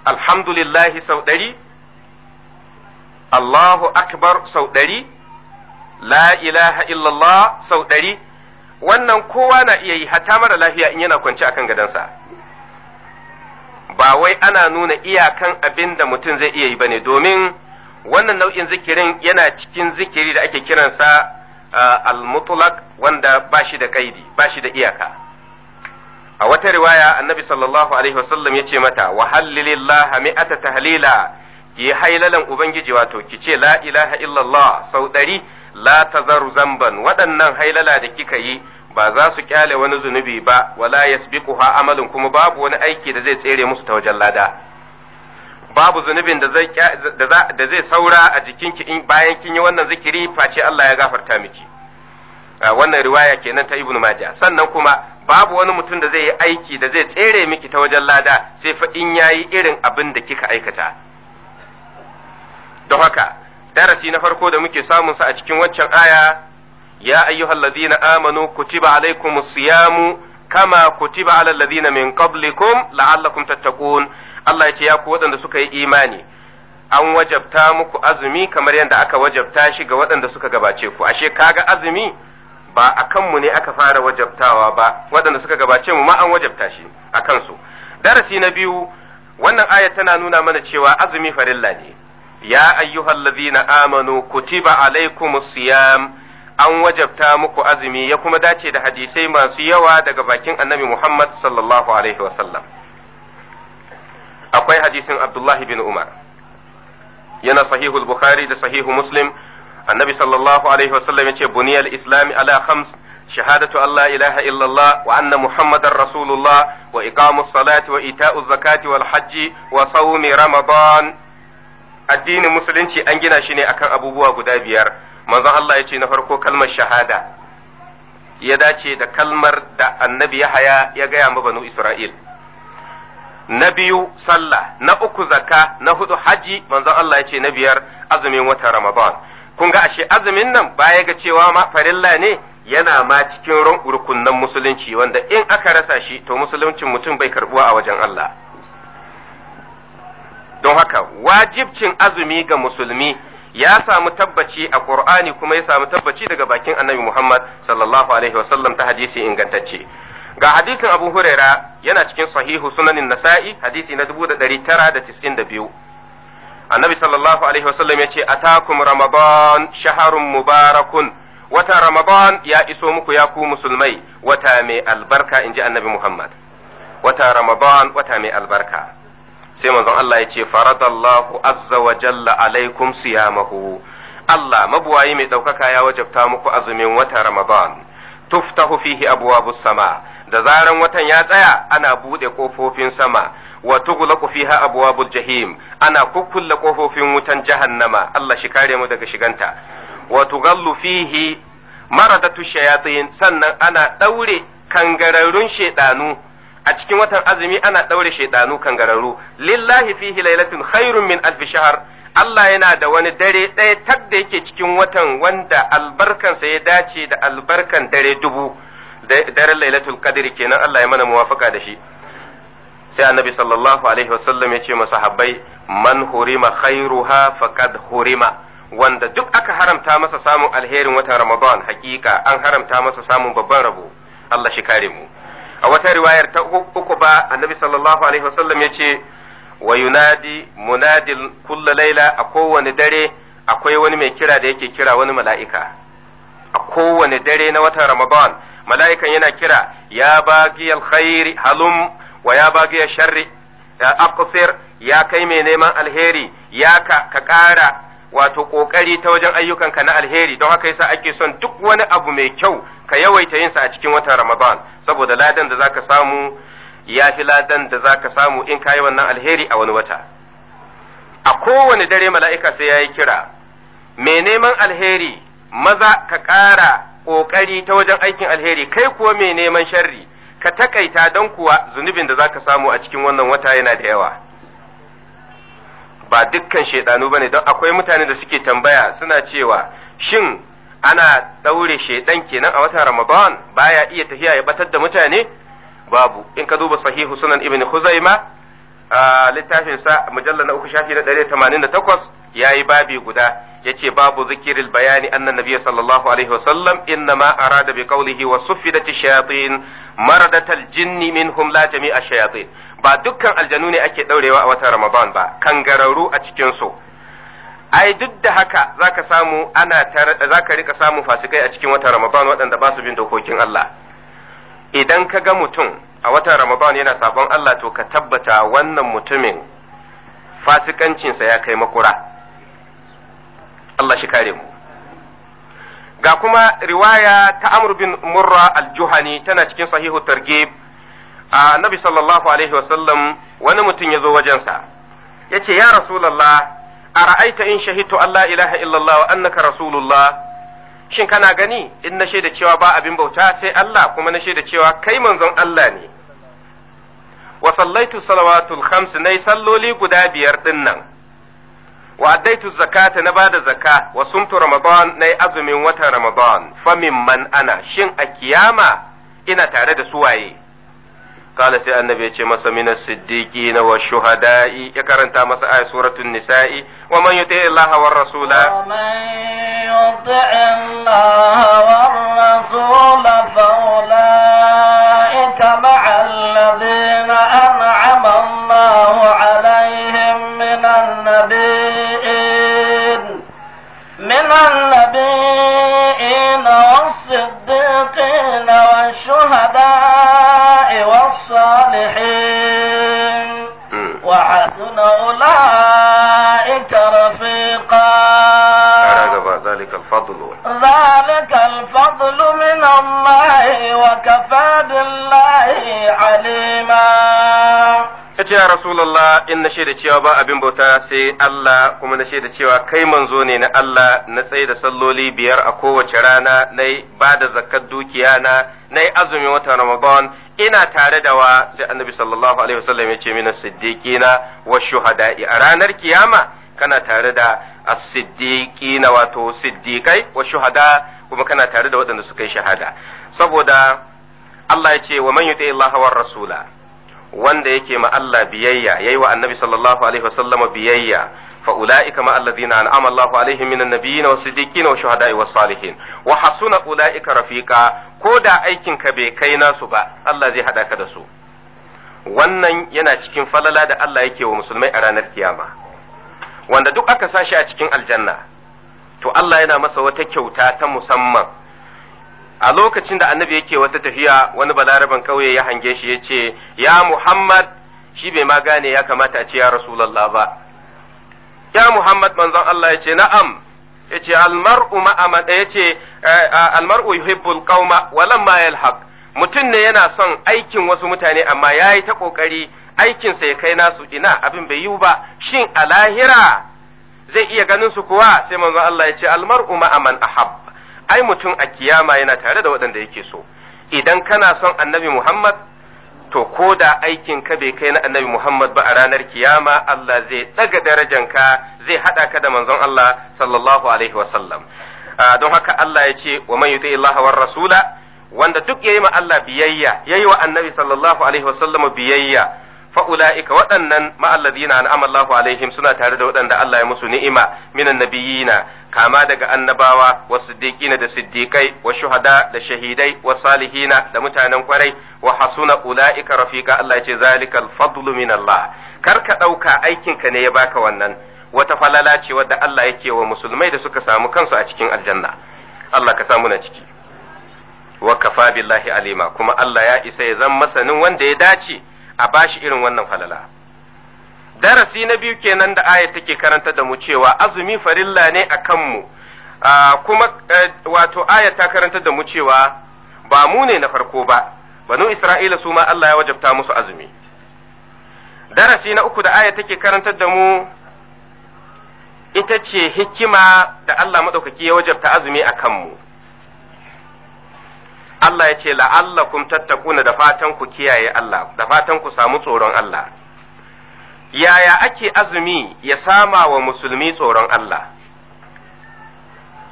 alhamdulillahi sau ɗari allahu akbar sau ɗari la ilaha illallah sau ɗari wannan kowa na iya yi hatta mara lafiya in yana kwance akan gadansa ba wai ana nuna iyakan abin da mutum zai iya yi ba ne domin wannan nau'in zikirin yana cikin zikiri da ake kiransa uh, al-mutlaq wanda ba shi da kaidi ba da iyaka a wata riwaya annabi sallallahu alaihi wasallam ya ce mata wa hallilillaha mi'ata tahlila ki hailalan ubangiji wato ki ce la ilaha illallah sau ɗari la tazaru zamban waɗannan hailala da kika yi ba za su kyale wani zunubi ba wala yasbiquha amalun kuma babu wani aiki da zai tsere musu ta wajen lada babu zunubin da zai saura a jikinki in bayan kin yi wannan zikiri face Allah ya gafarta miki wannan riwaya kenan ta Ibn Majah sannan kuma babu wani mutum da zai yi aiki da zai tsere miki ta wajen lada sai fa in yayi irin abin da kika aikata Da haka darasi na farko da muke samun sa a cikin waccan aya ya ayyuhal ladina amanu kutiba alaikum siyamu kama kutiba alal ladina min qablikum la'allakum tattaqun Allah ya ce ya ku waɗanda suka yi imani an wajabta muku azumi kamar yadda aka wajabta shi ga waɗanda suka gabace ku ashe kaga azumi ba a kanmu ne aka fara wajabtawa ba waɗanda suka gabace mu ma an wajabta shi a kansu darasi na biyu wannan aya tana nuna mana cewa azumi farilla ne ya ayyuhallazina amanu kutiba alaikumus siya an wajabta muku azumi ya kuma dace da hadisai masu yawa daga bakin annabi Muhammad sallallahu alaihi wasallam akwai hadisin Abdullahi bin Umar yana sahihul Bukhari da sahihu Muslim annabi sallallahu alaihi wasallam yace buniyal islami ala khams shahadatu Allah ilaha illallah wa anna Muhammadan rasulullah wa iqamus salati wa ita'u zakati wal hajji wa sawmi ramadan addinin musulunci an gina shi ne akan abubuwa guda biyar manzon Allah ya ce na farko kalmar shahada ya dace da kalmar da annabi Yahaya ya gaya ma banu Isra'il na biyu sallah na uku zakka na hudu haji manzon Allah ya ce na biyar azumin wata Ramadan kun ga ashe azumin nan baya ga cewa ma farilla ne yana ma cikin rukunnan musulunci wanda in aka rasa shi to musuluncin mutum bai karbuwa a wajen Allah don haka wajibcin azumi ga musulmi ya samu tabbaci a Qur'ani kuma ya samu tabbaci daga bakin Annabi Muhammad sallallahu alaihi wasallam ta hadisi ingantacce ga hadisin Abu Huraira yana cikin sahihu sunanin Nasa'i hadisi na 1992 Annabi sallallahu alaihi wasallam ya ce atakum ramadan shaharun mubarakun wata ramadan ya iso muku ya ku musulmai wata mai albarka inji Annabi Muhammad wata ramadan wata mai albarka sai manzon Allah ya ce faradallahu azza wa jalla alaikum siyamahu Allah mabuwayi mai ɗaukaka ya wajabta muku azumin wata Ramadan tuftahu fihi abwabus sama da zaran watan ya tsaya ana buɗe kofofin sama wa tughlaqu fiha abwabul jahim ana kukkulle kofofin wutan jahannama Allah shi kare mu daga shiganta wa tughallu fihi maradatu shayatin sannan ana daure kangararrun shedanu a cikin watan azumi ana ɗaure shaidanu kangararru lillahi fihi lailatun khairun min albishahar. Allah yana da wani dare ɗaya tak da yake cikin watan wanda albarkansa ya dace da albarkan dare dubu daren lailatul qadr kenan Allah ya mana muwafaka da shi sai annabi sallallahu alaihi wasallam ya ce masahabbai man hurima khairuha faqad hurima wanda duk aka haramta masa samun alherin watan Ramadan hakika an haramta masa samun babban rabo Allah shi kare mu a wata riwayar ta uku ba annabi sallallahu alaihi wasallam ya ce wa yunadi munadil kulla laila a kowane dare akwai wani mai kira da yake kira wani mala'ika a kowane dare na watan ramadan mala'ikan yana kira ya bagi alkhairi halum wa ya bagi sharri ya aqsir ya kai mai neman alheri ya ka ka ƙara wato ƙoƙari ta wajen ayyukan ka na alheri don haka yasa ake son duk wani abu mai kyau ka yawaita yin sa a cikin watan Ramadan saboda ladan da zaka samu ya fi ladan da zaka samu in ka yi wannan alheri a wani wata a kowane dare mala'ika sai yayi kira mai neman alheri maza ka ƙara ƙoƙari ta wajen aikin alheri kai kuwa mai neman sharri ka takaita don kuwa zunubin da zaka samu a cikin wannan wata yana da yawa ba dukkan shaidanu ne don akwai mutane da suke tambaya suna cewa shin ana daure shaidan kenan a watan Ramadan baya iya tafiya ya batar da mutane babu in ka duba sahihu sunan ibn Khuzaima a littafin sa na uku shafi na 188 yayi babi guda yace babu zikiril bayani anna nabiyyi sallallahu alaihi wasallam innama arada bi qawlihi wa suffidati shayatin maradatal jinni minhum la jami'a shayatin ba dukkan aljanu ne ake ɗaurewa a watan Ramadan ba, kangararru a cikinsu. Ai, duk da haka za ka samu ana za rika samun fasikai a cikin watan Ramadan waɗanda ba su bin dokokin Allah. Idan ka ga mutum a watan Ramadan yana sabon Allah to ka tabbata wannan mutumin fasikancinsa ya kai makura. Allah shi kare mu. Ga kuma riwaya ta Amr bin Murra Aljuhani tana cikin sahihu targhib a nabi sallallahu alaihi wasallam wani mutum ya zo wajensa ya ce ya rasulallah a ra'aita in shahitu Allah ilaha illallah wa annaka rasulullah shin kana gani in na shaida cewa ba abin bauta sai Allah kuma na shaida cewa kai manzon Allah ne wa sallaitu salawatul khams nay salloli guda biyar din nan wa addaitu zakata na bada zakka wa sumtu ramadan nay azumin watan ramadan famin man ana shin a kiyama ina tare da suwaye kala sai annabi ya masa min as-siddiqin wa shuhada'i ya karanta masa ayat suratul nisa'i wa yuti' Allah war rasula wa man yuti' Allah war rasula fa ulaika ma'a alladhina an'ama Allah alaihim min an ذلك الفضل ذلك الفضل من الله وكفى بالله عليما yace ya rasulullah in na shaida cewa ba abin bauta sai Allah kuma na shaida cewa kai manzo ne na Allah na tsaye da salloli biyar a kowace rana na ba da zakkar dukiya na na azumin watan Ramadan ina tare da wa sai annabi sallallahu alaihi wasallam ya ce mina siddiqina wa shuhada'i a ranar kiyama kana tare da as-siddiqina wato siddiqai wa shuhada kuma kana tare da waɗanda suka yi shahada saboda Allah ya ce wa man yuti Allah wa rasula wanda yake ma Allah biyayya yayi wa annabi sallallahu alaihi wasallama biyayya فأولئك مع الذين wa الله عليهم من wa hasuna ulaika والصالحين وحسن أولئك رفيقا bai kai nasu ba, Allah zai hada ka da su. wannan yana cikin falala da Allah yake wa musulmai a ranar kiyama wanda duk aka sa shi a cikin aljanna to Allah yana masa wata kyauta ta musamman a lokacin da annabi yake wata tafiya wani balaraban ƙauye ya hange shi ya ce ya muhammad shi bai ma gane ya kamata a ce ya rasulallah ba ya muhammad manzon Allah ya ce na'am ya ce almar'u ma'aman ya ce eh, almar'u yuhibbul qauma walamma yalhaq mutum ne yana son aikin wasu mutane amma yayi ta kokari aikinsa ya kai nasu ina abin bai yiwu ba shin a lahira zai iya ganin su kuwa sai manzon Allah ya ce almar'u ma'aman ahab ai mutum a kiyama yana tare da waɗanda yake so idan kana son annabi Muhammad to ko da aikin ka bai kai na annabi Muhammad ba a ranar kiyama Allah zai daga darajanka zai hada ka da manzon Allah sallallahu alaihi wasallam don haka Allah ya ce wa man yuti Allah war rasula wanda duk yayi ma Allah biyayya yayi wa annabi sallallahu alaihi wasallam biyayya fa'ula'ika waɗannan ma'alladina an'ama Amallahu alaihim suna tare da waɗanda Allah ya musu ni'ima minan nabiyina kama daga annabawa wa siddiƙina da siddiƙai, wa shuhada da shahidai wa salihina da mutanen kwarai wa hasuna ula'ika rafiqa Allah ya ce zalikal fadlu min Allah kar ka ɗauka aikinka ne ya baka wannan wata falala ce wadda Allah yake wa musulmai da suka samu kansu a cikin aljanna Allah ka samu na ciki wa kafa billahi alima kuma Allah ya isa ya zama masanin wanda ya dace a bashi irin wannan falala darasi na biyu kenan da aya take karanta da mu cewa azumi farilla ne a kanmu kuma e, wato aya ta karanta da mu cewa ba mu ne na farko ba banu isra'ila su ma Allah ya wajabta musu azumi darasi na uku da aya take karantar da mu ita ce hikima da Allah maɗaukaki ya wajabta azumi a kanmu Allah ya ce la'allakum tattakuna da fatan ku kiyaye Allah da fatan ku samu tsoron Allah yaya ake azumi ya sama wa musulmi tsoron Allah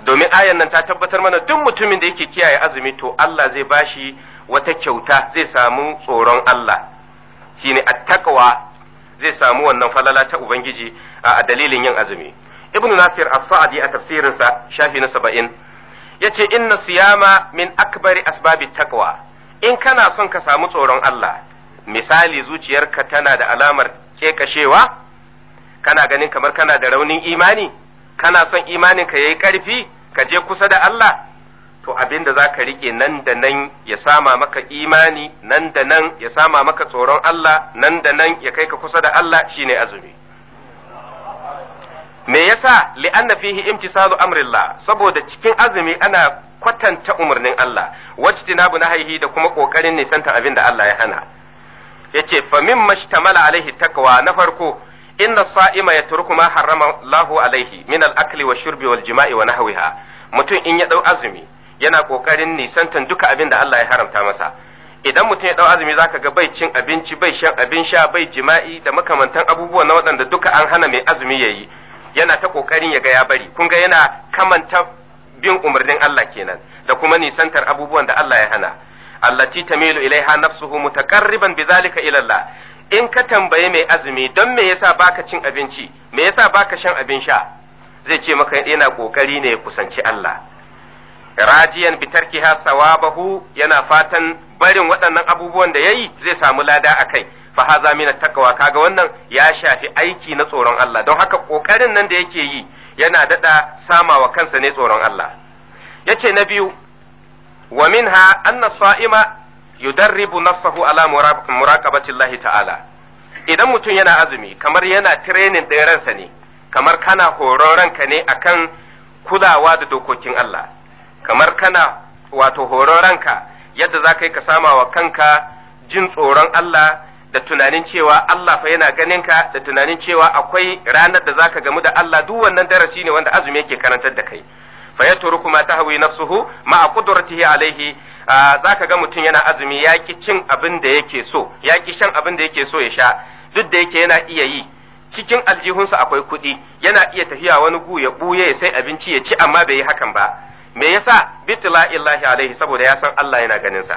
domin ayan nan ta tabbatar mana duk mutumin da yake kiyaye azumi to Allah zai bashi wata kyauta zai samu tsoron Allah shine attaqwa zai samu wannan falala ta ubangiji a dalilin yin azumi ibnu nasir as-sa'di a tafsirinsa shafi na 70 Ya ce inna siyama min akbari asbabi takwa in kana son ka samu tsoron Allah misali zuciyarka tana da alamar kekashewa kana ganin kamar kana da raunin imani kana son imanin ka yayi karfi ka je kusa da Allah to abin da zaka rike nan da nan ya sama maka imani nan da nan ya sama maka tsoron Allah nan da nan ya kai ka kusa da Allah shine azumi me yasa li'anna fihi imtisalu amrillah saboda cikin azumi ana kwatanta umarnin Allah wacce na haihi da kuma kokarin nisanta abin da Allah ya hana yace fa min mashtamala alaihi takwa na farko inna sa'ima yatruku ma harrama Allahu alaihi min al-akli wa shurbi wal jima'i wa nahwiha mutum in ya dau azumi yana kokarin nisantan duka abin da Allah ya haramta masa idan mutum ya dau azumi zaka ga bai cin abinci bai shan abin sha bai jima'i da makamantan abubuwa na waɗanda duka an hana mai azumi yayi yana ta kokarin ya ga ya bari kun ga yana kamanta bin umarnin Allah kenan da kuma nisantar abubuwan da Allah ya hana allati tamilu ilaiha nafsuhu mutaqarriban bidhalika ila Allah in ka tambaye mai azumi don me yasa baka cin abinci me yasa baka shan abin sha zai ce maka yana kokari ne ya kusanci Allah rajiyan bitarkiha sawabahu yana fatan barin waɗannan abubuwan da yayi zai samu lada akai fa haza min taqwa kaga wannan ya shafi aiki na tsoron Allah don haka kokarin nan da yake yi yana dada sama wa kansa ne tsoron Allah yace na biyu wa minha anna sa'ima yudarribu nafsahu ala muraqabati Allah ta'ala idan mutum yana azumi kamar yana training ɗin ransa ne kamar kana horon ranka ne akan kulawa da dokokin Allah kamar kana wato horon ranka yadda za ka yi ka sama wa kanka jin tsoron Allah da tunanin cewa Allah fa yana ganin ka da tunanin cewa akwai ranar da zaka gamu da Allah duk wannan darasi ne wanda azumi yake karantar da kai fa ya yatruku ma tahwi nafsuhu ma qudratihi alaihi zaka ga mutum yana azumi yaki cin abin da yake so ya yaki shan abin da yake so ya sha duk da yake yana iya yi cikin aljihunsa akwai kuɗi yana iya tafiya wani gu ya buye sai abinci ya ci amma bai yi hakan ba me yasa bitla illahi alaihi saboda ya san Allah yana ganin sa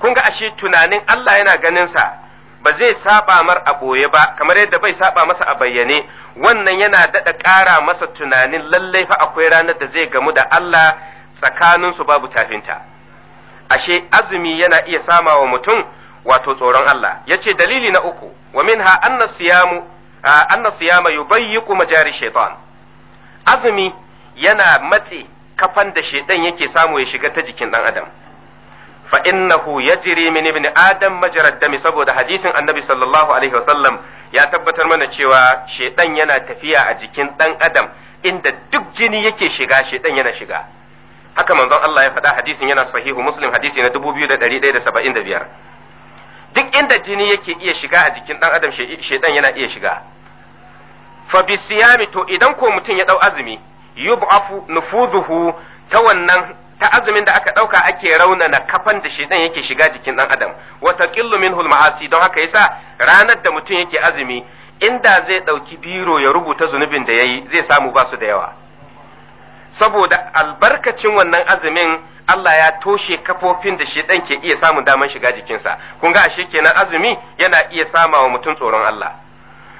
kun ga ashe tunanin Allah yana ganin sa ba zai saba mar a ɓoye ba kamar yadda bai saba masa a bayyane wannan yana daɗa ƙara masa tunanin lallai fa akwai ranar da zai gamu da Allah tsakaninsu babu tafinta ashe azumi yana iya sama wa mutum wato tsoron Allah yace dalili na uku wa minha anna siyamu anna siyama yubayyiqu majari shaitan azumi yana matse kafan da shaitan yake samu ya shiga ta jikin dan adam Fa'innahu ya yajri min ibn adam majrad dami saboda hadisin annabi sallallahu ya tabbatar mana cewa shedan yana tafiya a jikin dan adam inda duk jini yake shiga shedan yana shiga haka manzon Allah ya faɗa hadisin yana sahihu muslim hadisi na 2175 duk inda jini yake iya shiga a jikin dan adam shedan yana iya shiga fa bisiyami to idan ko mutum ya ɗau azumi yub'afu nufuzuhu ta wannan ta azumin da aka ɗauka ake raunana kafan da shedan yake shiga jikin ɗan adam wata ƙillu minhul ma'asi don haka yasa ranar da mutum yake azumi inda zai ɗauki biro ya rubuta zunubin da yayi zai samu ba su da yawa saboda albarkacin wannan azumin Allah ya toshe kafofin da shedan ke iya samun daman shiga jikinsa kun ga ashe kenan azumi yana iya sama wa mutum tsoron Allah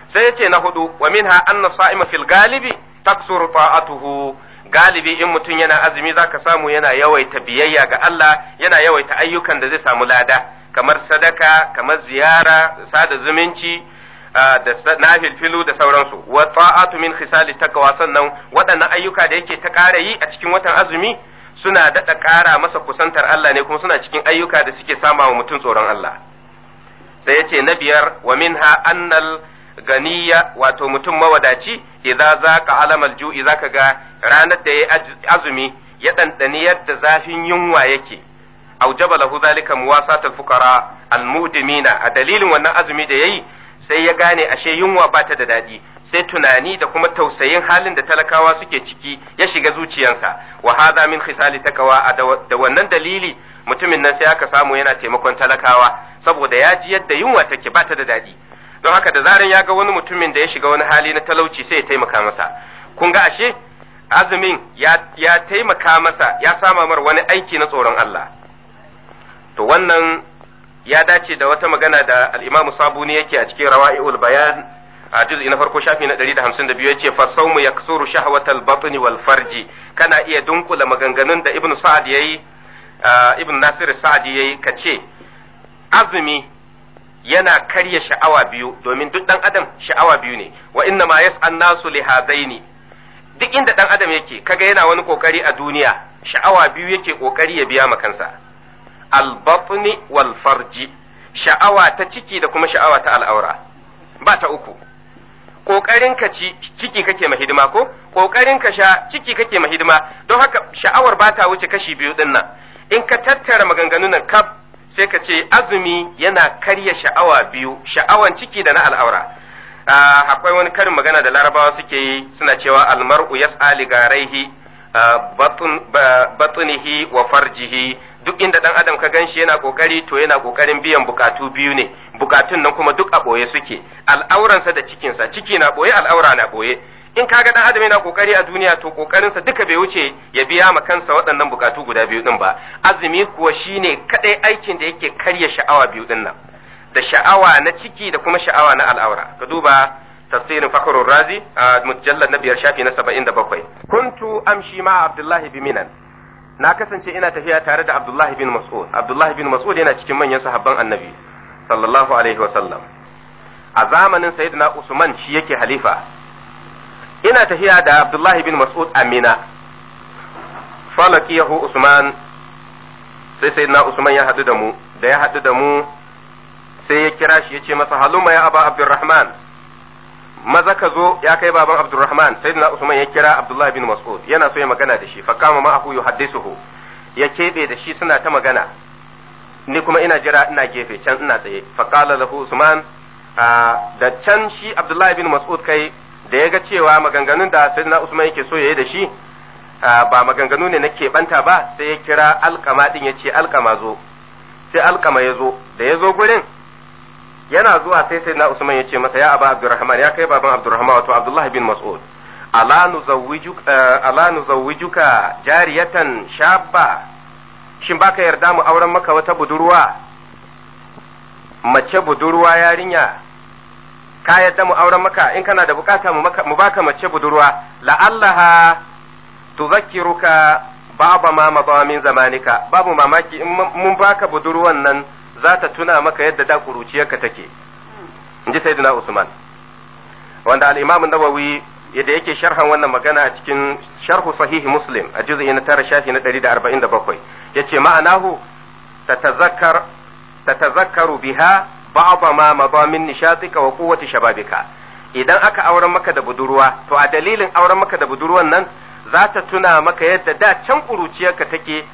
sai ya ce na hudu wa minha anna sa'ima fil galibi taksuru ta'atuhu galibi in mutum yana azumi zaka samu yana yawaita biyayya ga Allah yana yawaita ayyukan da zai samu lada kamar sadaka kamar ziyara sada zumunci da nafilfilu da sauransu wa ta'atu min khisali taqwa sannan waɗannan ayyuka da yake ta ƙara yi a cikin watan azumi suna daɗa ƙara masa kusantar Allah ne kuma suna cikin ayyuka da suke sama wa mutum tsoron Allah sai yace na biyar wa minha annal ganiya wato mutum mawadaci za ka alamal ju'i zaka ga ranar da ya azumi ya dandani yadda zafin yunwa yake aujaba lahu zalika muwasatul fuqara almudimina a dalilin wannan azumi da yayi sai ya gane ashe yunwa bata da dadi sai tunani da kuma tausayin halin da talakawa suke ciki ya shiga zuciyarsa, wa hadha min khisali takawa da wannan dalili mutumin nan sai aka samu yana taimakon talakawa saboda ya ji yadda yunwa take bata da dadi don haka da zarar ya ga wani mutumin da ya shiga wani hali na talauci sai ya taimaka masa kun ga ashe azumin ya taimaka masa ya sama mar wani aiki na tsoron Allah to wannan ya dace da wata magana da al-Imam Sabuni yake a cikin Rawa'iul Bayan a juz'i na farko shafi na 152 yace fa sawmu yaksuru shahwatal batn wal farji kana iya dunkula maganganun da Ibn Sa'ad yayi Ibn Nasir Sa'di yayi kace azumi yana karya sha'awa biyu domin duk dan adam sha'awa biyu ne wa inna ma yas'an nasu li hadaini duk inda dan adam yake kaga yana wani kokari a duniya sha'awa biyu yake kokari ya biya ma kansa al batni wal farji sha'awa ta ciki da kuma sha'awa ta al'aura ba ta uku kokarin ka ci ciki kake ma hidima ko kokarin ka sha ciki kake ma hidima don haka sha'awar ba ta wuce kashi biyu din in ka tattara maganganun kaf sai ka ce azumi yana karya sha'awa biyu sha'awan ciki da na al'aura ah, akwai wani karin magana da larabawa suke yi suna cewa almar'u yas'a li garaihi ah, batunihi wa farjihi duk inda dan adam ka ganshi yana kokari to yana kokarin biyan bukatu biyu ne bukatun nan kuma duk a boye suke al'auransa da cikinsa ciki na boye al'aura na boye in kaga dan adam yana kokari a duniya to sa duka bai wuce ya biya ma kansa waɗannan bukatu guda biyu din ba azumi kuwa shine kadai aikin da yake karya sha'awa biyu din nan da sha'awa na ciki da kuma sha'awa na al'aura ka duba tafsirin fakhrul razi a mujallal na biyar shafi na 77 kuntu amshi ma abdullahi Biminan na kasance ina tafiya tare da abdullahi bin mas'ud abdullahi bin mas'ud yana cikin manyan sahabban annabi sallallahu alaihi wa sallam a zamanin sayyidina usman shi yake halifa ina tafiya da Abdullahi bin Mas'ud Amina falakiyahu Usman sai sai na Usman ya haɗu da mu da ya haɗu da mu sai ya kira shi ya ce masa halumma ya aba Abdurrahman maza ka zo ya kai baban Abdurrahman sai na Usman ya kira Abdullahi bin Mas'ud yana so ya magana da shi fa kama ma'ahu yuhaddisuhu ya keɓe da shi suna ta magana ni kuma ina jira ina gefe can ina tsaye fa lahu Usman ah, da can shi Abdullahi bin Mas'ud kai da ya ga cewa maganganun da na Usman yake so yayi da shi ba maganganu ne na keɓanta ba sai ya kira alkama din ya ce alkama zo sai alkama ya zo da ya zo gurin yana zuwa sai na Usman ya ce masa ya aba Abdurrahman ya kai baban Abdurrahman wato Abdullah bin Mas'ud ala nuzawwijuka ala nuzawwijuka jariyatan shabba shin baka yarda mu auren maka wata budurwa mace budurwa yarinya ka yadda mu auren maka in kana da bukata mu baka mace budurwa la'allaha tuzakkiruka baba ma mabawa min zamanika babu mamaki in mun baka budurwan nan za ta tuna maka yadda da kuruciyarka take hmm. in ji sayyidina usman wanda al-imam nawawi yadda yake sharhan wannan magana a cikin sharhu sahihi muslim a juz'i na tara shafi na 147 yace ma'anahu tatazakkaru biha ba'da ma madha min nishatika wa quwwati shababika idan aka auren maka da budurwa to a dalilin auren maka da budurwan nan za ta tuna maka yadda da can kuruciyarka take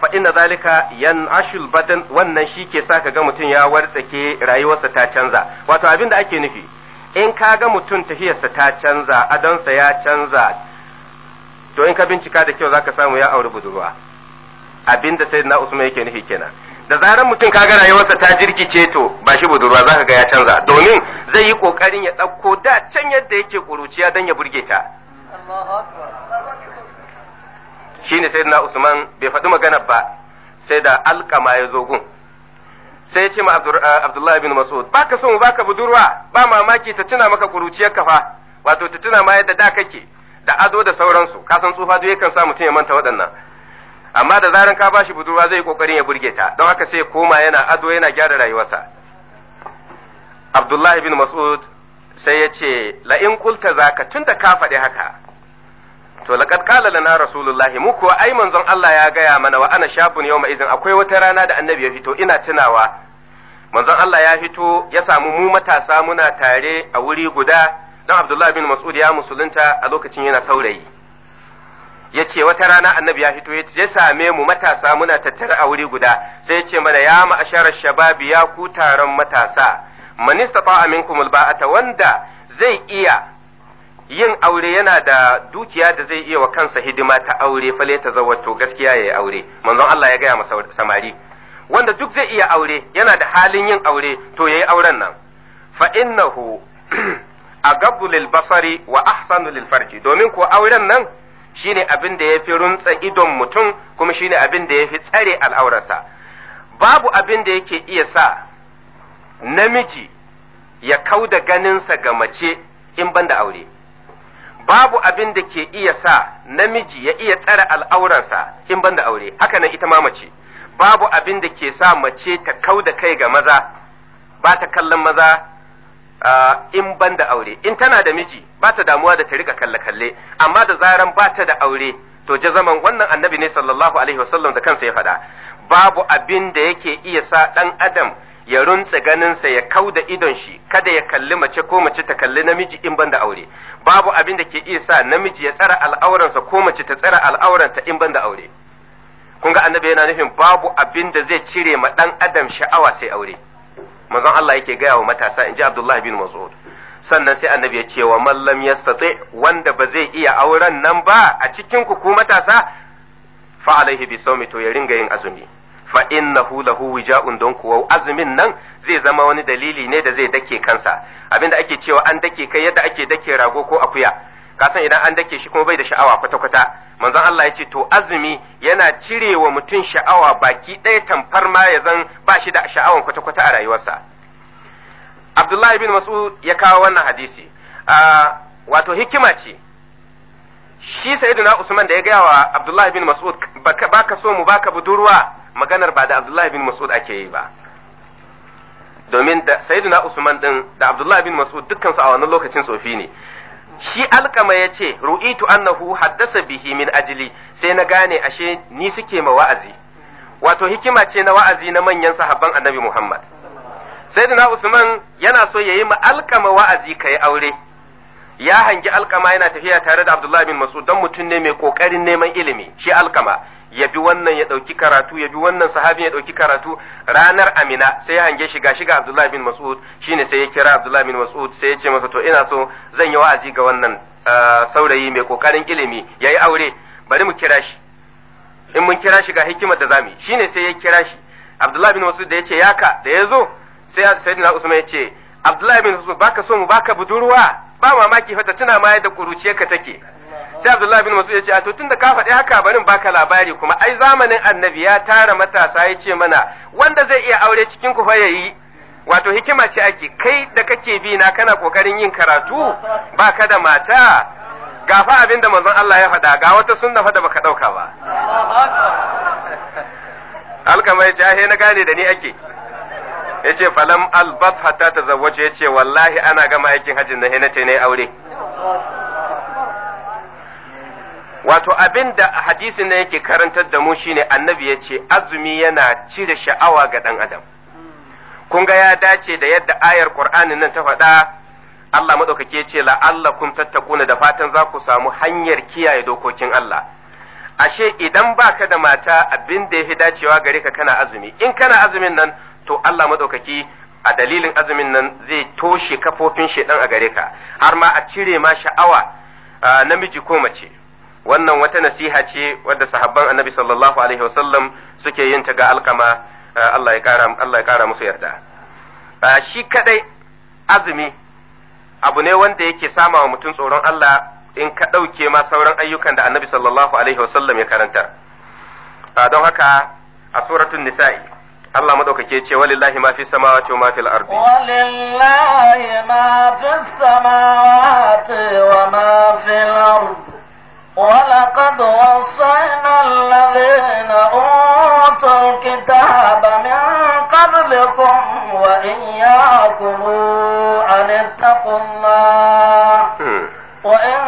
fa inna zalika yan ashul badan wannan shi ke sa ka ga mutum ya wartsake rayuwarsa ta canza wato abin da ake nufi in ka ga mutum tafiyarsa ta canza adonsa ya canza to in ka bincika da kyau za ka samu ya auri budurwa abinda da na usman yake nufi kenan da zarar mutum ka kaga rayuwarsa ta jirkice to ba shi budurwa zaka ga ya canza domin zai yi kokarin ya ɗauko da can yadda yake kuruciya don ya burge ta ne sai na usman bai faɗi magana ba sai da alkama ya zo gun sai ya ce ma abdullahi bin mas'ud ka son ba ka budurwa ba mamaki ta tuna maka kuruciyar kafa wato ta tuna ma yadda da kake da ado da sauransu kasan tsufa duk yakan sa mutum ya manta waɗannan amma da zaran ka bashi budurwa zai kokarin ya burge ta don haka sai koma yana ado yana gyara rayuwarsa Abdullahi bin Mas'ud sai ya ce la in kulta zaka tunda ka faɗi haka to laqad qala lana rasulullahi mu kuwa ai manzon Allah ya gaya mana wa ana yau yawma izin akwai wata rana da annabi ya fito ina tunawa manzon Allah ya fito ya samu mu matasa muna tare a wuri guda dan Abdullahi bin Mas'ud ya musulunta a lokacin yana saurayi ya ce wata rana annabi ya fito ya same mu matasa muna tattare a wuri guda sai ya ce mana ya ma'asharar shababi ya ku taron matasa man istata'a minkum alba'ata wanda zai iya yin aure yana da dukiya da zai iya wa kansa hidima ta aure fale ta zawato gaskiya yayi aure manzon Allah ya gaya masa samari wanda duk zai iya aure yana da halin yin aure to yayi auren nan fa innahu agabu lil basari wa ahsanu lil farji domin ko auren nan Shi ne abin da ya fi runtsa idon mutum kuma shi ne abin da ya fi tsare al'aurarsa babu abin da yake iya sa namiji ya kauda ganinsa ga mace in ban da aure babu abin da ke iya sa namiji ya iya tsare al'aurarsa in ban da aure haka nan ita ma mace babu abin da ke sa mace ta kauda kai ga maza ba ta kallon maza ah, in ban da aure in tana da miji ba ta damuwa da ta rika kalle kalle amma da zaran ba ta da aure to jazaman wannan annabi ne sallallahu alaihi wasallam da kansa ya faɗa babu abin da yake iya sa ɗan adam ya runtse ganinsa ya kau da idon shi kada ya kalli mace ko mace ta kalli namiji in ban da aure babu abin da ke iya sa namiji ya tsara al'auransa ko mace ta tsara al'auranta in ban da aure kun ga annabi yana nufin babu abin da zai cire ma ɗan adam sha'awa sai aure manzon Allah yake gaya wa matasa in ji Abdullahi bin Mas'ud sannan sai annabi ya ce wa mallam yastati wanda ba zai iya auren nan ba a cikin ku ku matasa fa alaihi bi sawmi to ya ringa yin azumi fa innahu lahu wija'un don kuwa azumin nan zai zama wani dalili ne da zai dake kansa abinda ake cewa an dake kai yadda ake dake rago ko akuya kasan idan an dake shi kuma bai da sha'awa kwata-kwata manzon Allah ya ce to azumi yana cire wa mutum sha'awa baki ɗaya tamfar ma ya zan ba shi da sha'awan kwata-kwata a rayuwarsa Abdullahi bin Mas'ud ya kawo wannan hadisi wato hikima ce shi sayyidina Usman da ya gaya wa Abdullahi bin Mas'ud ka so mu ba ka budurwa maganar ba da Abdullahi bin Mas'ud ake yi ba domin da sayyidina Usman din da Abdullahi bin Mas'ud dukkan a wannan lokacin tsofi ne shi alkama ya ce ru'itu annahu haddasa bihi min ajli sai na gane ashe ni suke ma wa'azi wato hikima ce na wa'azi na manyan sahabban annabi Muhammad Sai na Usman yana so yayi ma alkama wa'azi kai aure ya hangi alkama yana tafiya tare da Abdullahi bin Mas'ud dan mutum ne mai kokarin neman ilimi shi alkama ya bi wannan ya dauki karatu ya bi wannan sahabin ya dauki karatu ranar Amina sai ya hange shi shiga ga Abdullahi bin Mas'ud shine sai ya kira Abdullahi bin Mas'ud sai ya ce masa to ina so zan yi wa'azi ga wannan ah, saurayi mai kokarin ilimi yayi aure bari mu kira shi in mun kira shi ga hikimar da zamu yi shine sai ya kira shi Abdullahi bin Mas'ud da ya ce yaka da ya zo sai sayyidina usman ya ce abdullahi bin mas'ud baka so mu baka budurwa ba mamaki fa tuna ma yadda ka take sai abdullahi bin mas'ud ya a to tunda ka faɗi haka barin baka labari kuma ai zamanin annabi ya tara matasa ya ce mana wanda zai iya aure cikin ku fa yayi wato hikima ce ake kai da kake bi na kana kokarin yin karatu baka da mata ga fa abin da manzon Allah ya faɗa ga wata sunna fa da baka ɗauka ba alkamai ya na gane da ni ake yace falam albat hatta ya yace wallahi ana gama aikin hajjin nan nace ne aure wato abin da hadisin nan yake karantar da mu shine annabi yace azumi yana cire sha'awa ga dan adam kun ga ya dace da yadda ayar qur'ani nan ta faɗa Allah madaukake yace la'allakum tattakuna da fatan za ku samu hanyar kiyaye dokokin Allah ashe idan baka da mata abin da ya fi dacewa gare ka kana azumi in kana azumin nan to Allah madaukaki a dalilin azumin nan zai toshe kafofin shedan a gare ka har ma a cire ma sha'awa namiji ko mace wannan wata nasiha ce wadda sahabban annabi sallallahu alaihi wasallam suke yin ta ga alkama Allah ya kara Allah ya kara musu yarda shi kadai azumi abu ne wanda yake sama wa mutum tsoron Allah in ka ɗauke ma sauran ayyukan da annabi sallallahu alaihi wasallam ya karantar don haka a suratul nisa'i Allah madaukake ce walillahi ma fi samawati wa ma fil ardi walillahi ma fi samawati wa ma fil ardi ولقد وصينا الذين أوتوا الكتاب من قبلكم وإياكم أن اتقوا الله وإن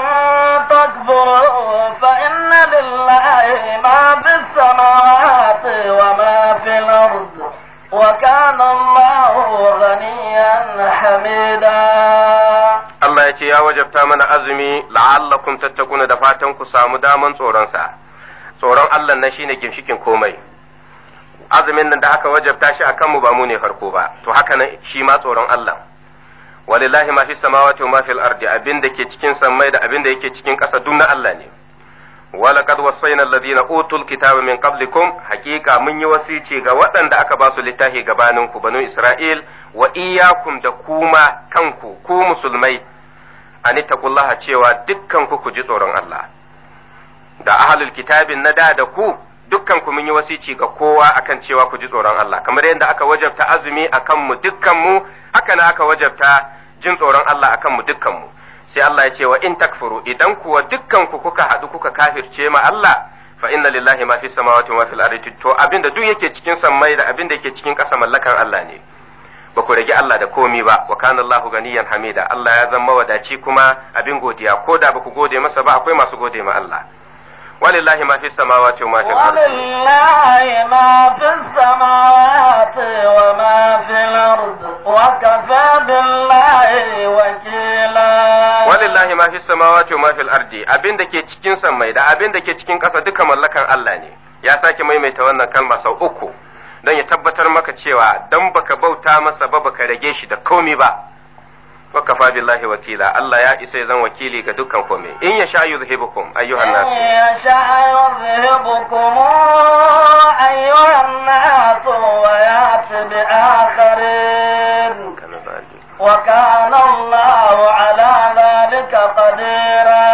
تكفروا فإن لله ما في السماوات وما في الأرض وكان الله غنيا حميدا Allah ya ce ya wajabta mana azumi la'allakum tattakuna da fatan ku samu daman tsoronsa tsoron Allah nan shine ginshikin komai azumin nan da aka wajabta shi akan mu ba mu ne farko ba to haka nan shi ma tsoron Allah walillahi ma fi samawati wa ma fil ardi abinda ke cikin sammai da abinda yake cikin ƙasa duk na Allah ne walaqad wasaina alladhina utul kitaba min qablikum haqiqa mun yi wasici ga waɗanda aka ba su littafi gabanin ku banu isra'il wa iyyakum da kuma kanku ku musulmai anittaqullaha cewa dukkan ku ku ji tsoron Allah da ahlul kitabin na da da ku dukkan ku mun yi wasici ga kowa akan cewa ku ji tsoron Allah kamar yadda aka wajabta azumi akan mu dukkan mu haka na aka wajabta jin tsoron Allah akan mu dukkan mu sai Allah ya ce wa in takfuru idan kuwa dukkan ku kuka haɗu kuka kafirce ma Allah fa inna lillahi ma fi samawati wa fil ardi to abinda duk yake cikin sammai da abinda yake cikin ƙasa mallakan Allah ne ba ku rage Allah da komi ba wa kana Allahu ganiyan hamida Allah ya zama wadaci kuma abin godiya ko da ba ku gode masa ba akwai masu gode ma Allah walillahi ma fi samawati wa ma fil ardi walillahi ma fi samawati wa ma fil ardi wa kafa billahi wakila walillahi ma fi samawati wa ma fil ardi Abin da ke cikin sammai da abin da ke cikin ƙasa duka mallakan Allah ne ya sake maimaita wannan kalma sau uku don ya tabbatar maka cewa dan baka bauta masa ba baka rage shi da komi ba wa kafa wakila Allah ya isa zan wakili ga dukkan kome in ya sha yuzhibukum ayyuhan nas in ya sha yuzhibukum ayyuhan nas wa ya'ti bi akharin wa kana Allahu ala dhalika qadira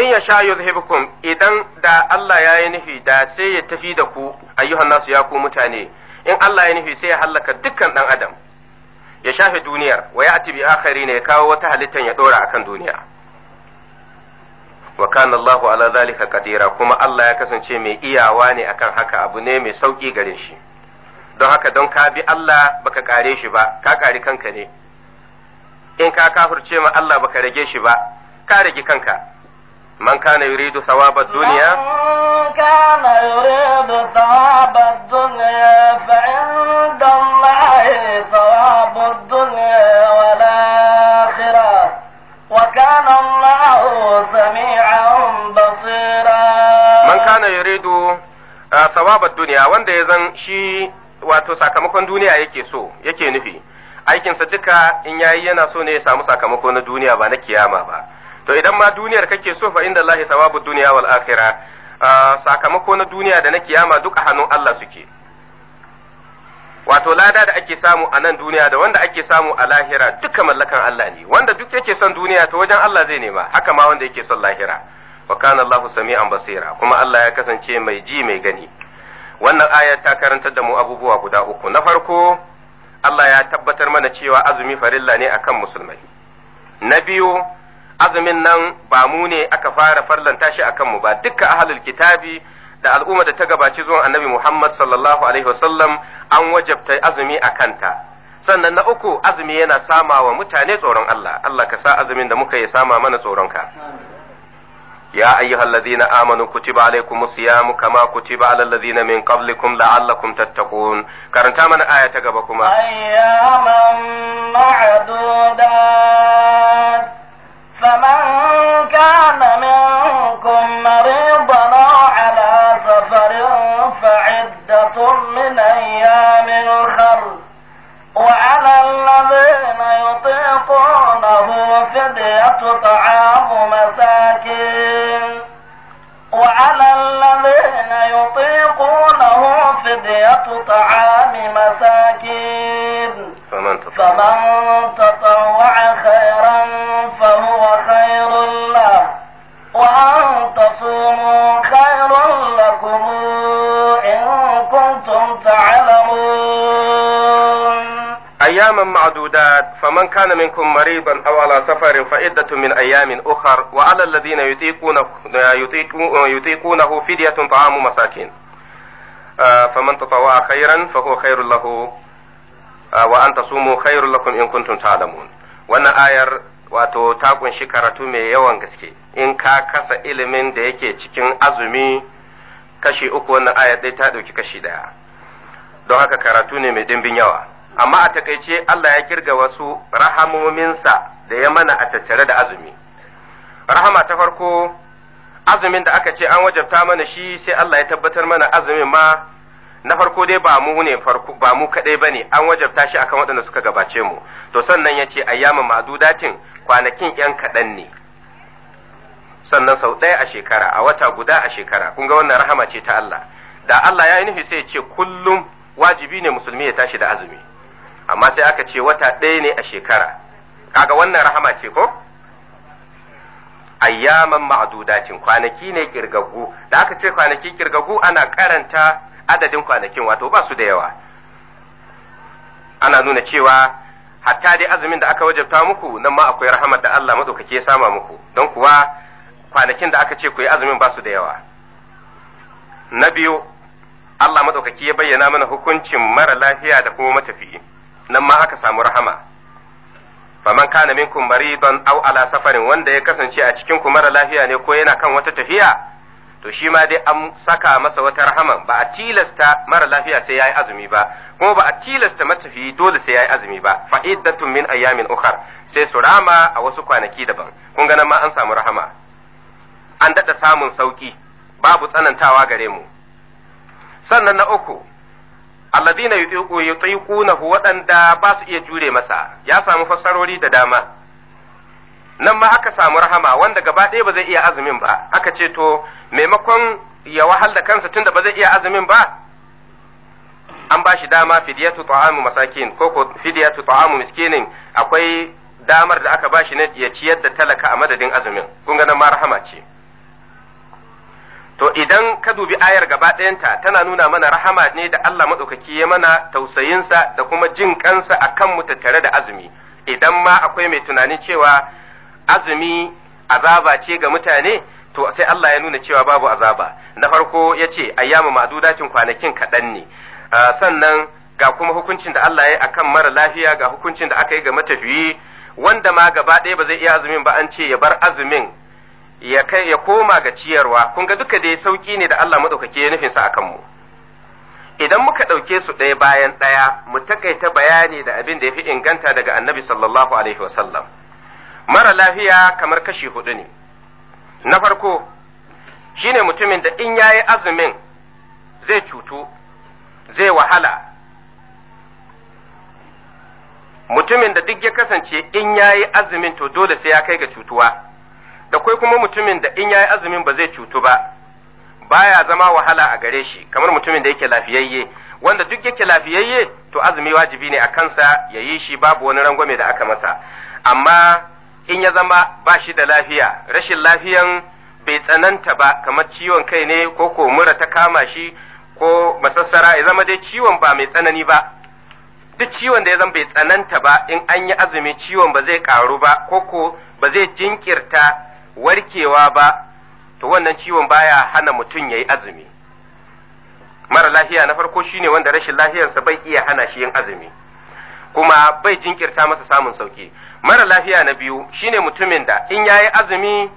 in ya sha yuzhibukum idan da Allah ya yi nufi da sai ya tafi da ku ayyuhan nas ya ku mutane in Allah ya nufi sai ya hallaka dukkan dan adam ya shafe duniyar wa atibi bi na ya kawo wata halittar ya dora akan duniya wa kana Allah ala zalika kadira kuma Allah ya kasance mai iyawa ne akan haka abu ne mai sauki gare shi don haka don ka bi Allah baka kare shi ba ka kare kanka ne in ka kafurce ma Allah baka rage shi ba ka rage kanka من كان يريد ثواب الدنيا من كان يريد ثواب الدنيا فعند الله ثواب الدنيا والآخرة وكان الله سميعا بصيرا من كان يريد ثواب الدنيا wanda يزن شي shi wato sakamakon duniya yake so yake nufi aikinsa duka in yayi yana so ne ya samu sakamako na duniya ba na kiyama ba to idan ma duniyar kake so fa inda Allah sawabu duniya wal akhirah ah, sakamako na duniya da na kiyama duk a hannun Allah suke wato lada da ake samu a nan duniya da wanda ake samu a lahira duka mallakan Allah ne wanda duk yake son duniya to wajen Allah zai nema haka ma wanda yake son lahira wa kana Allah sami'an basira kuma Allah ya kasance mai ji mai gani wannan aya ta karantar da mu abubuwa guda uku na farko Allah ya tabbatar mana cewa azumi farilla ne akan musulmai na biyu azumin nan ba mu ne aka fara farlanta shi akan mu ba dukkan ahlul kitabi da al'umma da ta gabaci zuwan annabi Muhammad sallallahu alaihi wasallam an wajabta azumi a kanta sannan na uku azumi yana sama wa mutane tsoron Allah Allah ka sa azumin da muka yi sama mana tsoron ka ya ayyuhallazina amanu kutiba alaykumus siyamu kama kutiba alal ladzina min qablikum la'allakum tattaqun karanta mana aya ta gaba kuma ayyaman ma'dudat فمن كان منكم مريضا على سفر فعدة من أيام أخر وعلى الذين يطيقونه فدية طعام مساكين وعلى الذين يطيقونه فدية طعام مساكين فمن تطوع خير معدودات فمن كان منكم مريضا او على سفر فعدة من ايام اخر وعلى الذين يطيقونه, يطيقونه فدية طعام مساكين فمن تطوع خيرا فهو خير له وان تصوموا خير لكم ان كنتم تعلمون وانا آير واتو ta شكرتو مي يوان yawan ان كا ka kasa ilimin da yake cikin azumi kashi uku wannan ayar dai ta dauki kashi daya don haka karatu ne mai dimbin yawa amma a takaice Allah ya kirga wasu rahamominsa da ya mana a tattare da azumi rahama ta farko azumin da aka ce an wajabta mana shi sai Allah ya tabbatar mana azumin ma na farko dai ba mu ne farko ba mu kadai bane an wajabta shi akan waɗanda suka gabace mu to sannan yace ayyamin ma'dudatin kwanakin yan kaɗan ne sannan sau ɗaya a shekara a wata guda a shekara kun ga wannan rahama ce ta Allah da Allah ya yi nufi sai ya ce kullum wajibi ne musulmi ya tashi da azumi amma sai aka ce wata ɗaya ne a shekara kaga wannan rahama ce ko ayyaman ma'adudacin, kwanaki ne kirgaggu da aka ce kwanaki kirgaggu ana karanta adadin kwanakin wato ba su da yawa ana nuna cewa hatta dai azumin da aka wajabta muku nan ma akwai rahamar da Allah madaukake ya sama muku don kuwa kwanakin da aka ce ku yi azumin ba su da yawa na biyu Allah madaukake ya bayyana mana hukuncin mara lafiya da kuma matafiyi nan ma aka samu rahama faman kana minkum maridan aw ala safarin wanda ya kasance a cikin ku mara lafiya ne ko yana kan wata tafiya to shi ma dai an saka masa wata rahama ba a tilasta mara lafiya sai yayi azumi ba kuma ba a tilasta matafiyi dole sai yayi azumi ba fa iddatun min ayamin ukhar sai su rama a wasu kwanaki daban kun ga nan ma an samu rahama an dada samun sauki babu tsanantawa gare mu sannan na uku alladina yutiqunahu waɗanda ba su iya jure masa ya samu fassarori da dama nan ma aka samu rahama wanda gaba ɗaya ba zai iya azumin ba aka ce to maimakon ya wahal da kansa tunda ba zai iya azumin ba an ba shi dama fidiyatu ta'amu masakin ko ko fidiyatu ta'amu miskinin akwai damar da aka ba shi ne ya ciyar da talaka a madadin azumin kun ga nan ma rahama ce To idan ka dubi ayar gaba ɗayanta tana nuna mana rahama ne da Allah maɗaukaki ya mana tausayinsa da kuma jin kansa a kanmu tattare da azumi, idan ma akwai mai tunanin cewa azumi azaba ce ga mutane, to sai Allah ya nuna cewa babu azaba. Na farko ya ce, ayyama ma'adudatin kwanakin kaɗan ne, sannan ga kuma hukuncin da Allah ya yi akan mara lafiya ga hukuncin da aka yi ga matafiyi, wanda ma gaba ɗaya ba zai iya azumin ba an ce ya bar azumin ya kai ya koma ga ciyarwa kun ga duka dai sauki ne da Allah madaukake ya nufin sa a mu idan muka ɗauke su ɗaya bayan ɗaya mu takaita bayani da abin da ya fi inganta daga annabi sallallahu alaihi wasallam mara lafiya kamar kashi hudu ne na farko shine mutumin da in yayi azumin zai cutu zai wahala mutumin da duk ya kasance in yayi azumin to dole sai ya kai ga cutuwa da kai kuma mutumin da in yayi azumin ba zai cutu ba baya zama wahala a gare shi kamar mutumin da yake lafiyayye wanda duk yake lafiyayye to azumi wajibi ne a kansa ya yi shi babu wani rangwame da aka masa amma in ya zama ba shi da lafiya rashin lafiyan bai tsananta ba kamar ciwon kai ne ko ko mura ta kama shi ko masassara ya zama dai ciwon ba mai tsanani ba duk ciwon da ya zama bai tsananta ba in an yi azumi ciwon ba zai karu ba ko ko ba zai jinkirta warkewa ba to wannan ciwon baya hana mutum ya yi azumi mara lafiya na farko shine wanda rashin sa bai iya hana shi yin azumi kuma bai jinkirta masa samun sauki mara lafiya na biyu shine mutumin da in ya yi azumi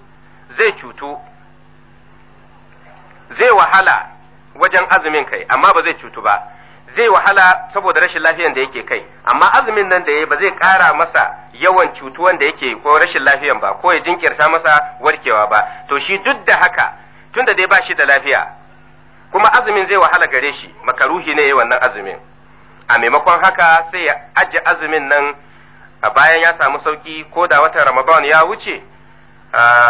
zai cutu zai wahala wajen azumin kai amma ba zai cutu ba zai wahala saboda rashin lafiyar da yake kai amma azumin nan da ya yi ba zai ƙara masa yawan cutuwan da yake ko rashin lafiyan ba ko ya jinkirta masa warkewa ba to shi duk da haka tunda dai ba shi da lafiya kuma azumin zai wahala gare shi makaruhi ne wannan azumin a maimakon haka sai ya aje azumin nan a bayan ya samu sauki ko da watan ramadan ya wuce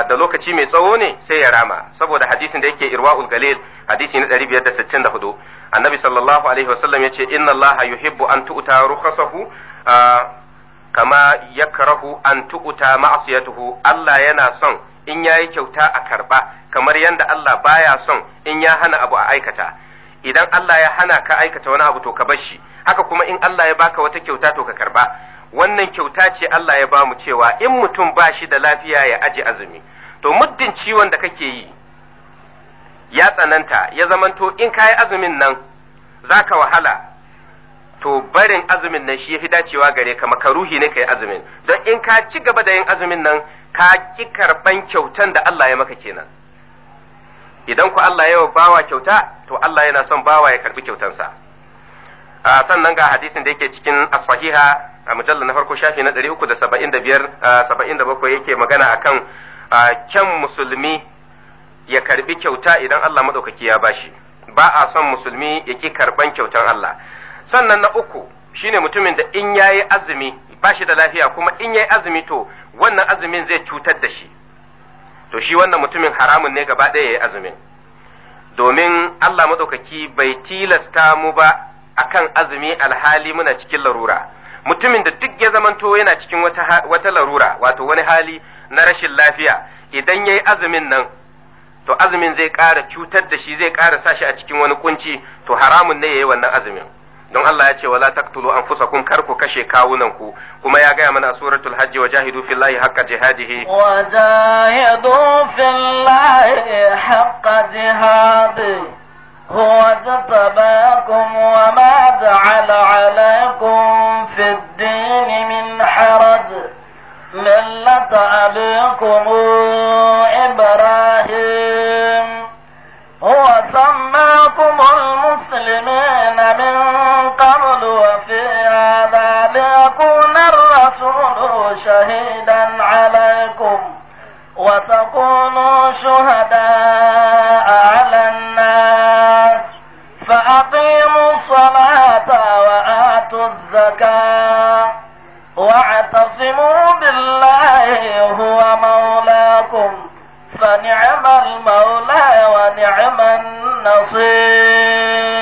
da lokaci mai tsawo ne sai ya rama saboda hadisin da yake irwa'ul galil hadisi na 564 annabi sallallahu alaihi wasallam yace inna allaha yuhibbu an tu'ta rukhasahu kama yakrahu an ya ma'siyatuhu Allah yana son in yayi kyauta a karɓa kamar yadda Allah baya son in ya hana abu a aikata idan Allah ya hana ka aikata wani abu to ka bar shi haka kuma in Allah ya baka wata kyauta to ka karɓa. wannan kyauta ce Allah ya bamu cewa in mutum ba shi da lafiya ya aji azumi to muddin ciwon da kake yi ya tsananta ya zamanto in kayi azumin nan za ka wahala to barin azumin nan shi ya fi dacewa gare ka makaruhi ne kai azumin don in ka ci gaba da yin azumin nan ka ki karban kyautan da Allah ya maka kenan idan ku Allah ya bawa kyauta to Allah yana son bawa ya karbi kyautansa sannan ga hadisin da yake cikin as-sahiha a mujallar na farko shafi na 375 yake magana akan kyan musulmi ya karbi kyauta idan Allah madaukaki ya bashi ba a son musulmi ya ki karban kyautan Allah sannan na uku shine mutumin da in yayi azumi ba shi da lafiya kuma in yayi azumi to wannan azumin zai cutar da shi to shi wannan mutumin haramun ne gaba ɗaya yi azumin domin Allah madaukaki bai tilasta mu ba akan azumi alhali muna cikin larura mutumin da duk ya zamanto yana cikin wata, wata larura wato wani hali na rashin lafiya idan yayi azumin nan to azumin zai ƙara cutar da shi zai ƙara sa shi a cikin wani kunci to haramun ne ya yi wannan azumin don Allah ya ce wala taqtulu anfusakum kar ku kashe kawunan ku kuma ya gaya mana suratul hajj wa jahidu fillahi haqqa jihadihi wa jahidu fillahi haqqa jihadihi هو اجتباكم وما جعل عليكم في الدين من حرج ملة أبيكم إبراهيم هو سماكم المسلمين من شهيدا عليكم وتكونوا شهداء على الناس فأقيموا الصلاة وآتوا الزكاة واعتصموا بالله هو مولاكم فنعم المولى ونعم النصير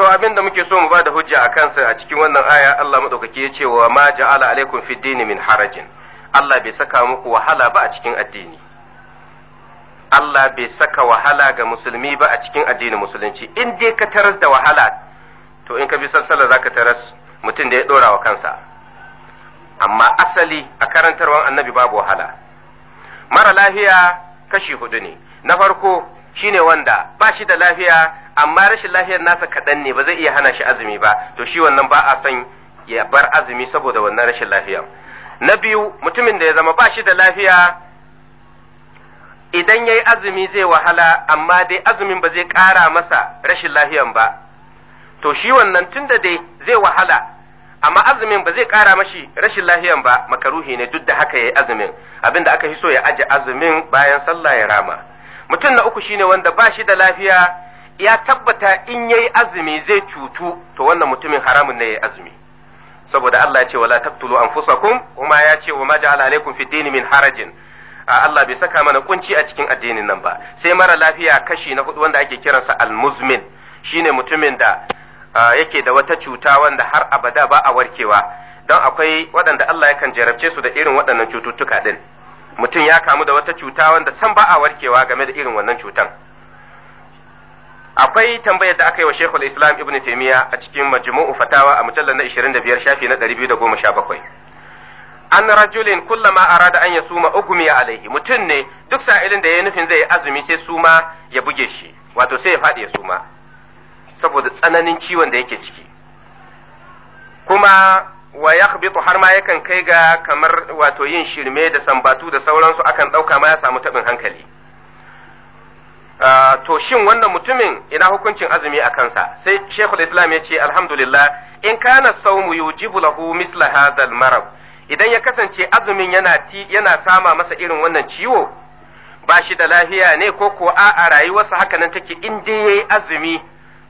wato abin da muke so mu ba hujja a kansa a cikin wannan aya Allah madaukaki ya ce wa ma ja'ala alaikum fid dini min harajin Allah bai saka muku wahala ba a cikin addini Allah bai saka wahala ga musulmi ba a cikin addinin musulunci in dai ka taras da wahala to in ka bi sassala zaka taras mutum da ya dora wa kansa amma asali a karantarwan annabi babu wahala mara lafiya kashi hudu ne na farko shine wanda ba shi da lafiya amma rashin lafiyar nasa kaɗan ne ba zai iya hana shi azumi ba to shi wannan ba a son ya bar azumi saboda wannan rashin lafiyar na biyu mutumin da ya zama ba shi da lafiya idan ya yi azumi zai wahala amma dai azumin ba zai ƙara masa rashin lafiyan ba to shi wannan tunda dai zai wahala amma azumin ba zai ƙara mashi rashin lafiyan ba makaruhi ne duk da haka ya yi azumin abin da aka fi so ya aje azumin bayan sallah ya rama mutum na uku shine wanda ba shi da lafiya ya tabbata in yayi azumi zai cutu to wannan mutumin haramun ne yi azumi saboda Allah ya ce wala taqtulu anfusakum kuma ya ce wa ma ja'ala alaikum fi dini min harajin Allah bai saka mana kunci a cikin addinin nan ba sai mara lafiya kashi na hudu wanda ake kiransa almuzmin shine mutumin da yake da wata cuta wanda har abada ba a warkewa don akwai waɗanda Allah yakan jarabce su da irin waɗannan cututtuka din mutum ya kamu da wata cuta wanda san ba a warkewa game da irin wannan cutan akwai tambayar da aka yi wa Sheikhul Islam Ibn Taymiyyah a cikin Majmu'u Fatawa a mujallar na 25 shafi na 217 an rajulin kullama arada an yasuma ugmi alaihi mutum ne duk sa'ilin da ya nufin zai azumi sai suma ya buge shi wato sai ya faɗi ya suma saboda tsananin ciwon da yake ciki kuma wa yakhbitu har ma yakan kai ga kamar wato yin shirme da sambatu da sauransu akan ɗauka ma ya samu taɓin hankali Ah, to shin wannan mutumin ina hukuncin azumi a kansa sai shekul islam ya ce alhamdulillah in kana saumu yujibu lahu misla hadal marab idan ya kasance azumin yana ti yana sama masa irin wannan ciwo ba shi da lafiya ne ko ko a a rayuwarsa haka nan take in dai yayi azumi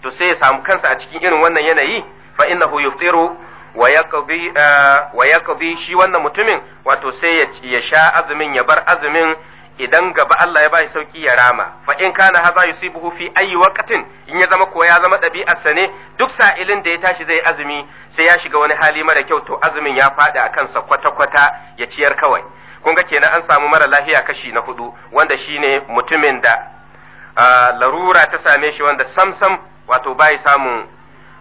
to sai ya samu kansa a cikin irin wannan yanayi fa innahu yuftiru wa yaqbi ah, wa yaqbi shi wannan mutumin wato sai ya sha azumin ya bar azumin idan gaba Allah ya bashi sauki ya rama fa in kana haza yusibuhu fi ayi waqtin in ya zama ko ya zama ɗabi'arsa ne duk sa'ilin da ya tashi zai azumi sai ya shiga wani hali mara kyau to azumin ya faɗi a kansa kwata-kwata ya ciyar kawai kun ga kenan an samu mara lafiya kashi na hudu wanda shine mutumin da larura ta same shi wanda samsam wato bai samun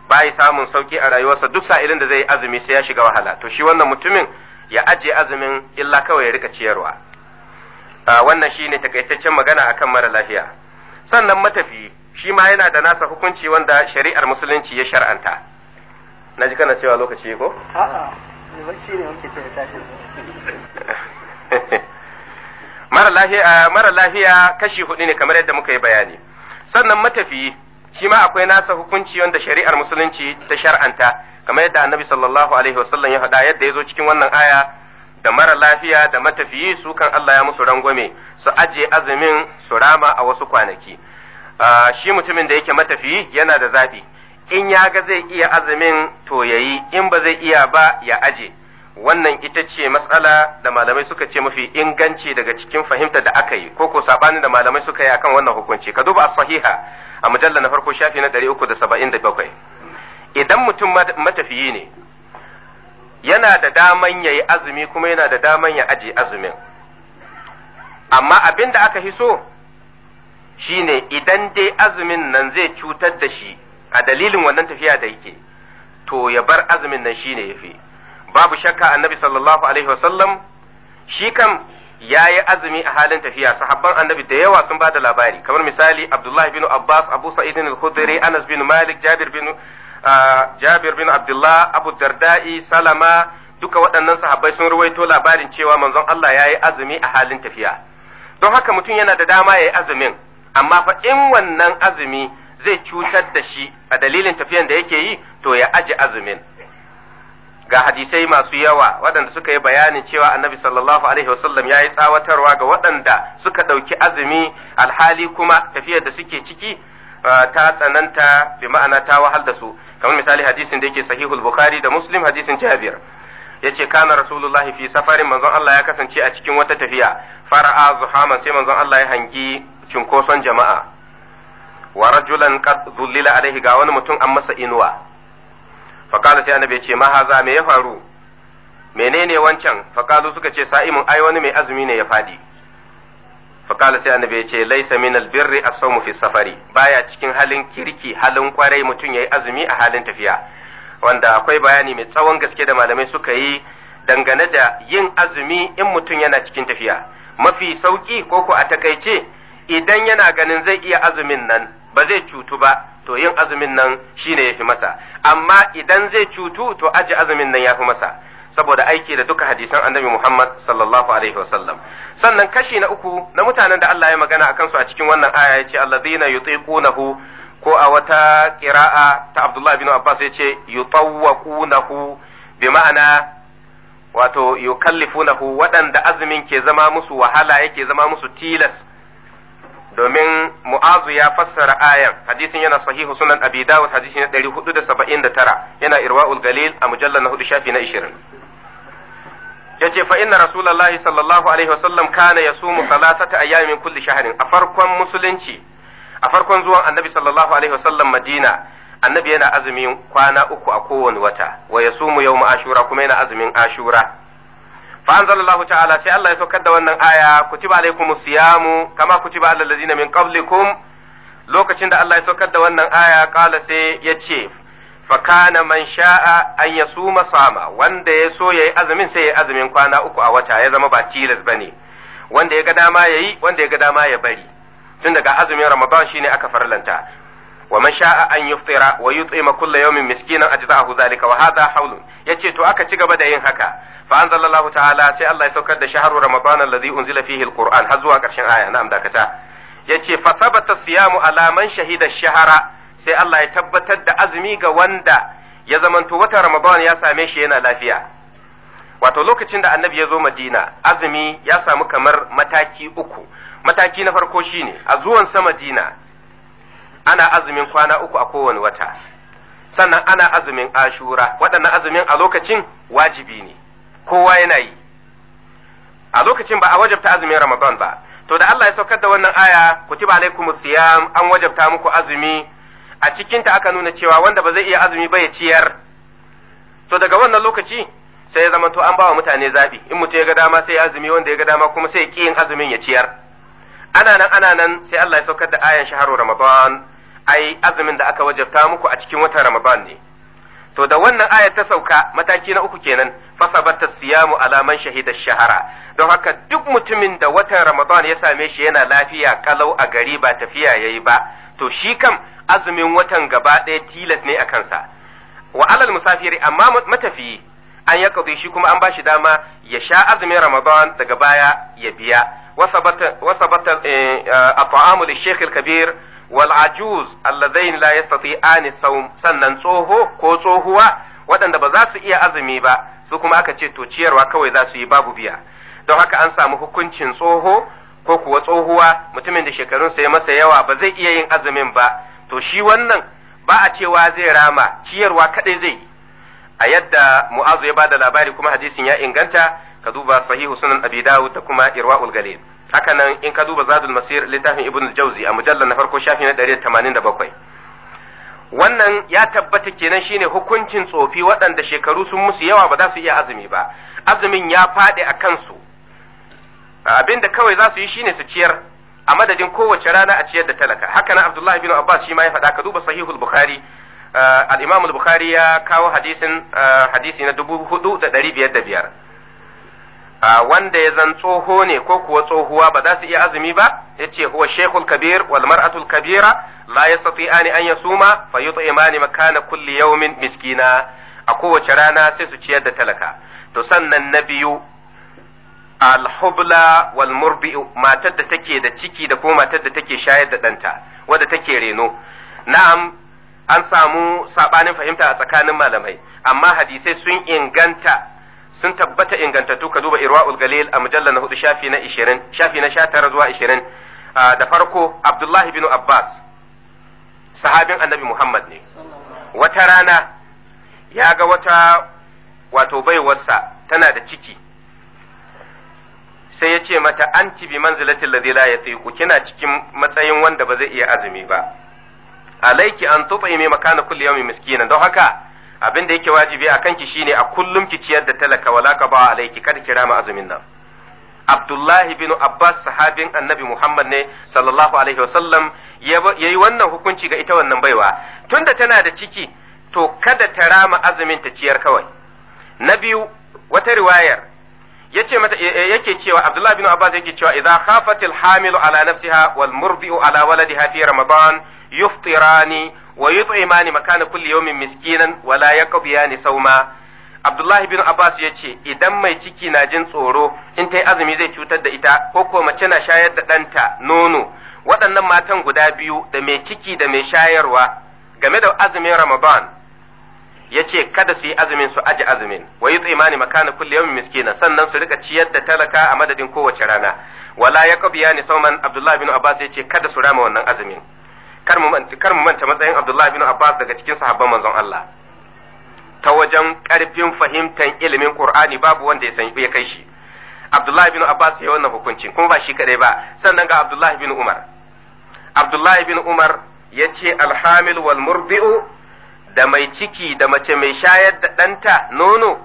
bai samun sauki a rayuwarsa duk sa'ilin da zai azumi sai ya shiga wahala to shi wannan mutumin ya ajiye azumin illa kawai ya rika ciyarwa wannan shi ne takaitaccen magana akan mara lafiya sannan matafi shi ma yana da nasa hukunci wanda shari'ar musulunci ya shar'anta na ji kana cewa lokaci ko mara lafiya mara lafiya kashi hudu ne kamar yadda muka yi bayani sannan matafi shi ma akwai nasa hukunci wanda shari'ar musulunci ta shar'anta kamar yadda annabi sallallahu alaihi wasallam ya faɗa yadda ya zo cikin wannan aya da mara lafiya da matafiyi su kan Allah ya musu rangwame su aje azumin su rama a wasu kwanaki ah, shi mutumin da yake matafiyi yana da zaɓi in ya ga zai iya azumin to yayi in ba zai iya ba ya aje wannan ita ce matsala da malamai suka ce mafi inganci daga cikin fahimta da aka yi ko ko sabanin da malamai suka yi akan wannan hukunci ka duba sahiha a mujalla na farko shafi na 377 idan mutum matafiyi ne yana da daman ya yi azumi kuma yana da daman ya aje azumin amma abin da aka hiso shine idan dai azumin nan zai cutar da shi a dalilin wannan tafiya da yake to ya bar azumin nan shine yafi babu shakka annabi sallallahu alaihi wasallam shi kam ya yi azumi a halin tafiya sahabban annabi da yawa sun ba da labari kamar misali abdullahi bin abbas abu sa'id anas bin malik jabir bin a Jabir bin Abdullah, Abu Darda'i, Salama, duka waɗannan sahabbai sun ruwaito labarin cewa manzon Allah ya yi azumi a halin tafiya. Don haka mutum yana da dama ya yi azumin, amma fa in wannan azumi zai cutar da shi a dalilin tafiyan da yake yi, to ya aji azumin. Ga hadisai masu yawa waɗanda suka yi bayanin cewa annabi sallallahu alaihi wasallam ya yi tsawatarwa ga waɗanda suka ɗauki azumi alhali kuma tafiyar da suke ciki ta tsananta bi ma'ana ta wahal da su kamar misali hadisin da yake sahihul bukhari da muslim hadisin jabir yace kana rasulullahi fi safarin manzon Allah ya kasance a cikin wata tafiya fara'a zuhama sai manzon Allah ya hangi cunkoson jama'a wa rajulan qad zullila alaihi ga wani mutum an masa inuwa fa kana sai annabi yace ma haza me ya faru menene wancan fa suka ce sa'imun ai wani mai azumi ne ya fadi faƙala sai annabi ya ce laisa min albirri as-sawmu fi safari baya cikin halin kirki halin kwarai mutum yayi azumi a halin tafiya wanda akwai bayani mai tsawon gaske da malamai suka yi dangane da yin azumi in mutum yana cikin tafiya mafi sauki ko ko a takaice idan yana ganin zai iya azumin nan ba zai cutu ba to yin azumin nan shine yafi masa amma idan zai cutu to aji azumin nan yafi masa saboda aiki da duka hadisan annabi Muhammad sallallahu alaihi wasallam sannan kashi na uku na mutanen da Allah ya magana akan su a cikin wannan aya yace alladhina yutiqunahu ko a wata qira'a ta Abdullah bin Abbas yace yutawwaqunahu bi ma'ana wato yukallifunahu waɗanda azumin ke zama musu wahala yake zama musu tilas domin mu'azu ya fassara ayan hadisin yana sahihu sunan abi dawud hadisi na 479 yana irwaul galil a mujallal na hudu shafi na 20 yace fa inna rasulullahi sallallahu alaihi wasallam kana yasumu thalathata ayyamin kulli shahrin a farkon musulunci a farkon zuwan annabi sallallahu alaihi wasallam madina annabi yana azumin kwana uku a kowane wata wa yasumu yawm ashura kuma yana azumin ashura fa anzalallahu ta'ala sai Allah ya saukar da wannan aya kutiba alaikumus siyamu kama kutiba alal ladina min qablikum lokacin da Allah ya saukar da wannan aya kala sai yace fakana man sha'a an ya suma sama wanda ya so ya yi azumin sai ya yi azumin kwana uku a wata ya zama ba tilas ba ne wanda ya ga dama ya yi wanda ya ga dama ya bari tun daga azumin ramadan shine aka farlanta wa man sha'a an yuftira wa yut'ima kullu yawmin miskinan ajza'ahu zalika wa hadha hawlun yace to aka ci gaba da yin haka fa anzalallahu ta'ala sai Allah ya saukar da shahru ramadan alladhi unzila fihi alquran har zuwa karshen aya na'am dakata yace fa thabata siyamu ala man shahida shahara sai Allah ya tabbatar da azumi ga wanda ya zamanto wata Ramadan ya same shi yana lafiya. Wato lokacin da annabi ya zo Madina, azumi ya samu kamar mataki uku. Mataki na farko shine a zuwansa Madina ana azumin kwana uku a kowane wata. Sannan ana azumin ashura, waɗannan azumin a lokacin wajibi ne, kowa yana yi. A lokacin ba a wajabta azumin Ramadan ba, to da Allah ya saukar da wannan aya ku kutiba mu siyam an wajabta muku azumi a cikinta aka nuna cewa wanda ba zai iya azumi ba ya ciyar to daga wannan lokaci sai ya zama to an bawa mutane zabi in mutum ya ga dama sai ya azumi wanda ya ga dama kuma sai ya ki yin azumin ya ciyar ana nan ana nan sai Allah ya saukar da ayan shaharu ramadan ai azumin da aka wajabta muku a cikin watan ramadan ne to da wannan ayar ta sauka mataki na uku kenan siya siyamu alaman shahida shahara don haka duk mutumin da watan ramadan ya same shi yana lafiya kalau a gari ba tafiya yayi ba to shi kam azumin watan gaba ɗaya tilas ne a kansa wa alal musafiri amma matafiyi an ya kaɗe shi kuma an ba shi dama ya sha azumin ramadan daga baya ya biya وثبت الطعام للشيخ الكبير والعجوز الذين لا يستطيعان الصوم sannan tsoho ko tsohuwa waɗanda ba za su iya azumi ba su kuma aka ce to ciyarwa kawai za su yi babu biya don haka an samu hukuncin tsoho ko kuwa tsohuwa mutumin da shekarunsa ya masa yawa ba zai iya yin azumin ba to shi wannan ba a cewa zai rama ciyarwa kadai zai a yadda mu'azu ya bada labari kuma hadisin ya inganta ka duba sahihu sunan abi dawud da kuma irwaul galil haka nan in ka duba zadul masir littafin ibnu jauzi a mujallar na farko shafi na 187 wannan ya tabbata kenan shine hukuncin tsofi waɗanda shekaru sun musu yawa ba za su iya azumi ba azumin ya faɗi a kansu abin da kawai za su yi shine su ciyar a madadin kowace rana a ciyar da talaka haka na abdullahi bin abbas shi ma ya faɗa ka duba sahihul bukhari uh, al-imam al-bukhari ya kawo hadisin uh, hadisi na dubu hudu da ɗari biyar da biyar uh, wanda ya zan tsoho ne ko kuwa tsohuwa ba za su iya azumi ba ya ce huwa shekul kabir wal mar'atul kabira la yastati'ani an yasuma fa yut'imani makana kulli yawmin miskina a kowace rana sai su ciyar da talaka to sannan na biyu alhubla wal murbi matar da take da ciki da ko matar da take shayar da ɗanta wadda take reno na'am an samu sabanin fahimta a tsakanin malamai amma hadisai sun inganta sun tabbata ingantattu ka duba irwa'ul galil a mujallar na hudu shafi na 20 shafi na 19 zuwa 20 da farko abdullahi bin abbas sahabin annabi muhammad ne wata rana ya ga wata wato baiwarsa tana da ciki sai ya ce mata an ci bi manzilatin ladhi la yatiqu kina cikin matsayin wanda ba zai iya azumi ba alaiki an mai makana kulli yawmin miskinan don haka abin da yake wajibi a kanki shine a kullum ki ciyar da talaka wala ka ba alaiki kada kira rama azumin nan Abdullahi bin Abbas sahabin Annabi Muhammad ne sallallahu alaihi wasallam yayi wannan hukunci ga ita wannan baiwa tunda tana da ciki to kada ta rama azumin ta ciyar kawai na biyu wata riwayar yace mata eh, eh, yake cewa Abdullah bin Abbas yake cewa idza khafatil hamilu ala nafsiha wal murbi'u ala waladiha fi ramadan yuftirani wa yut'imani makana kulli yawmin miskinan wa la yaqdiyani sawma Abdullah bin Abbas yace idan mai ciki na jin tsoro in tai azumi zai cutar da ita ko ko mace na shayar da danta nono waɗannan matan guda biyu da mai ciki da mai shayarwa game da azumin Ramadan Ya ce kada su yi azumin su aji azumin wa tsimani makana kulli yawmin miskina sannan su rika ciyar da talaka a madadin kowace rana wala ya sauman abdullahi bin abbas ce kada su rama wannan azumin kar mu manta matsayin abdullahi bin abbas daga cikin sahabban manzon Allah ta wajen karfin fahimtar ilimin qur'ani babu wanda ya san ya kai shi abdullahi bin abbas ya wannan hukuncin kuma ba shi kadai ba sannan ga abdullahi bin umar abdullahi bin umar yace alhamil wal murbi'u da mai ciki da mace mai shayar da ɗanta nono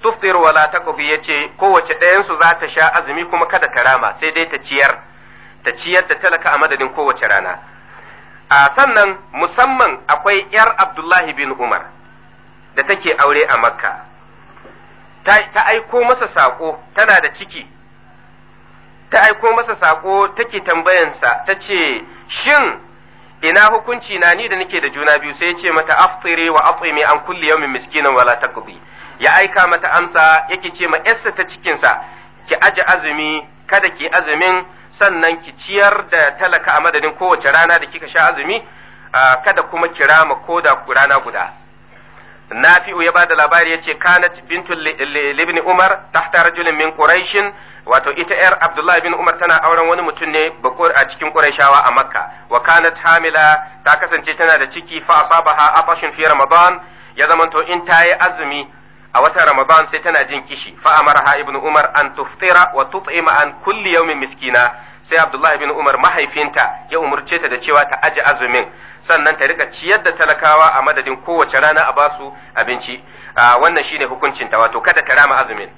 tufir wala takubi yace kowace ɗayansu za ta sha azumi kuma kada ta rama sai dai ta ciyar ta ciyar da talaka a madadin kowace rana a sannan musamman akwai yar Abdullahi bin Umar da take aure a Makka ta aiko masa saƙo tana da ciki ta aiko masa saƙo take tambayansa ta ce shin ina hukunci na ni da nake da juna biyu sai ya ce mata aftiri wa at'imi an kulli yawmin miskinan wala ya aika mata amsa yake ce ma yarsa ta cikinsa ki aje azumi kada ki azumin sannan ki ciyar da talaka a madadin kowace rana da kika sha azumi kada kuma kirama ko koda rana guda nafi'u ya bada labari ya ce kanat bintu libni umar tahta rajulin min quraishin wato ita yar abdullahi bin umar tana auren wani mutum ne bakur a cikin quraishawa a makka wa kanat hamila ta kasance tana da ciki fa asabaha abashin fi ramadan ya to in ta yi azumi a watan ramadan sai tana jin kishi fa amaraha ibnu umar an tuftira wa tut'ima an kulli yawmin miskina sai Abdullahi bin Umar mahaifinta ya umarce ta da cewa ta aji azumin sannan ta rika ciyar da talakawa a madadin kowace rana a basu abinci wannan shine hukuncinta wato kada ta rama azumin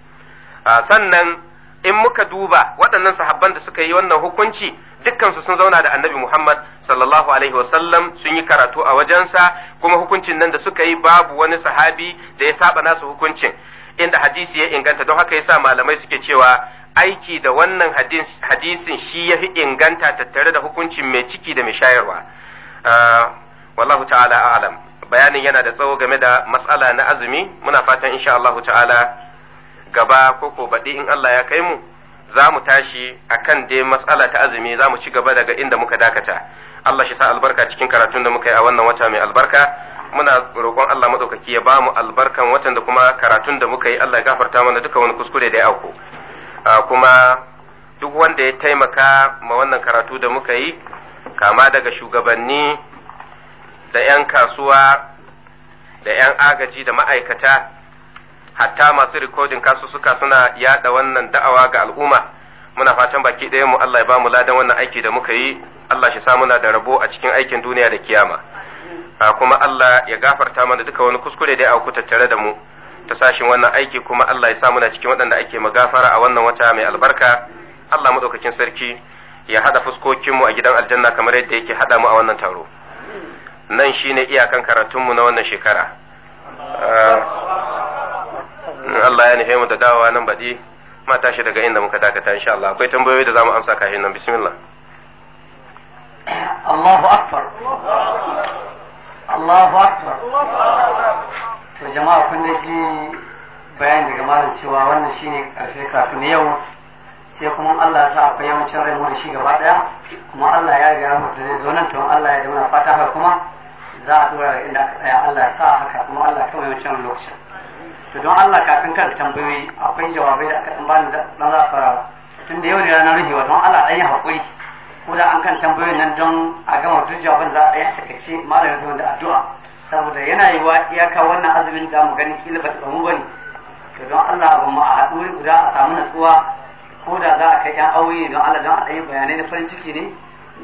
sannan in muka duba waɗannan sahabban da suka yi wannan hukunci dukkansu sun zauna da annabi Muhammad sallallahu alaihi wasallam sun yi karatu a wajensa kuma hukuncin nan da suka yi babu wani sahabi da ya saba nasu hukuncin inda hadisi ya inganta don haka yasa malamai suke cewa aiki da wannan hadisin shi ya fi inganta tattare da hukuncin mai ciki da mai shayarwa ah, wallahu ta'ala a'lam bayanin yana da tsawo game da matsala na azumi muna fatan insha Allah ta'ala gaba ko baɗi in Allah ya kai mu za mu tashi akan dai matsala ta azumi za mu ci gaba daga inda muka dakata Allah shi sa albarka cikin karatun da muka yi a wannan wata mai albarka muna roƙon Allah matsaukaki ya ba mu albarkan watan da kuma karatun da muka yi Allah ya gafarta mana duka wani kuskure da ya auku kuma duk wanda ya taimaka ma wannan karatu da muka yi kama daga shugabanni da 'yan kasuwa da 'yan agaji da ma'aikata hatta masu rikodin kasusuka suna yada wannan da'awa ga al'umma muna fatan baki ɗaya mu Allah ya ba mu ladan wannan aiki da muka yi Allah shi sa muna da rabo a cikin aikin duniya da kiyama kuma Allah ya gafarta mana duka wani kuskure da ya auku tattare da mu ta sashin wannan aiki kuma Allah ya samu na cikin waɗanda ake magafara a wannan wata mai albarka Allah maɗaukakin sarki ya haɗa fuskokinmu a gidan aljanna kamar yadda yake haɗa mu a wannan taro nan shine iyakan karatunmu na wannan shekara eh, Allah ya nufe mu da dawowa nan baɗi ma tashi daga inda muka dakata insha Allah akwai tambayoyi da zamu amsa kafin nan bismillah Allahu akbar Allahu akbar to jama'a kun da ji bayan daga malam cewa wannan shine karfe kafin yau sai kuma Allah sa akwai yawancin rai mu da shi gaba daya kuma Allah ya ga mu zai zo nan to Allah ya mana fata haka kuma za a dora inda aka tsaya Allah ya sa haka kuma Allah kawai yawancin lokacin to don Allah kafin kar tambayoyi akwai jawabai da aka dan bani da dan za fara tun da yau ne ranar rihewa don Allah dan ya hakuri ko da an kan tambayoyin nan don a gama duk jawabin za a yi a takaice malamin da addu'a saboda yana yi wa iyaka wannan azumin da mu gani kila ba ta ba ne. to don Allah ba mu a haɗu wuri guda a samu natsuwa ko da za a kai ƴan aure ne don Allah don a ɗanyi bayanai na farin ciki ne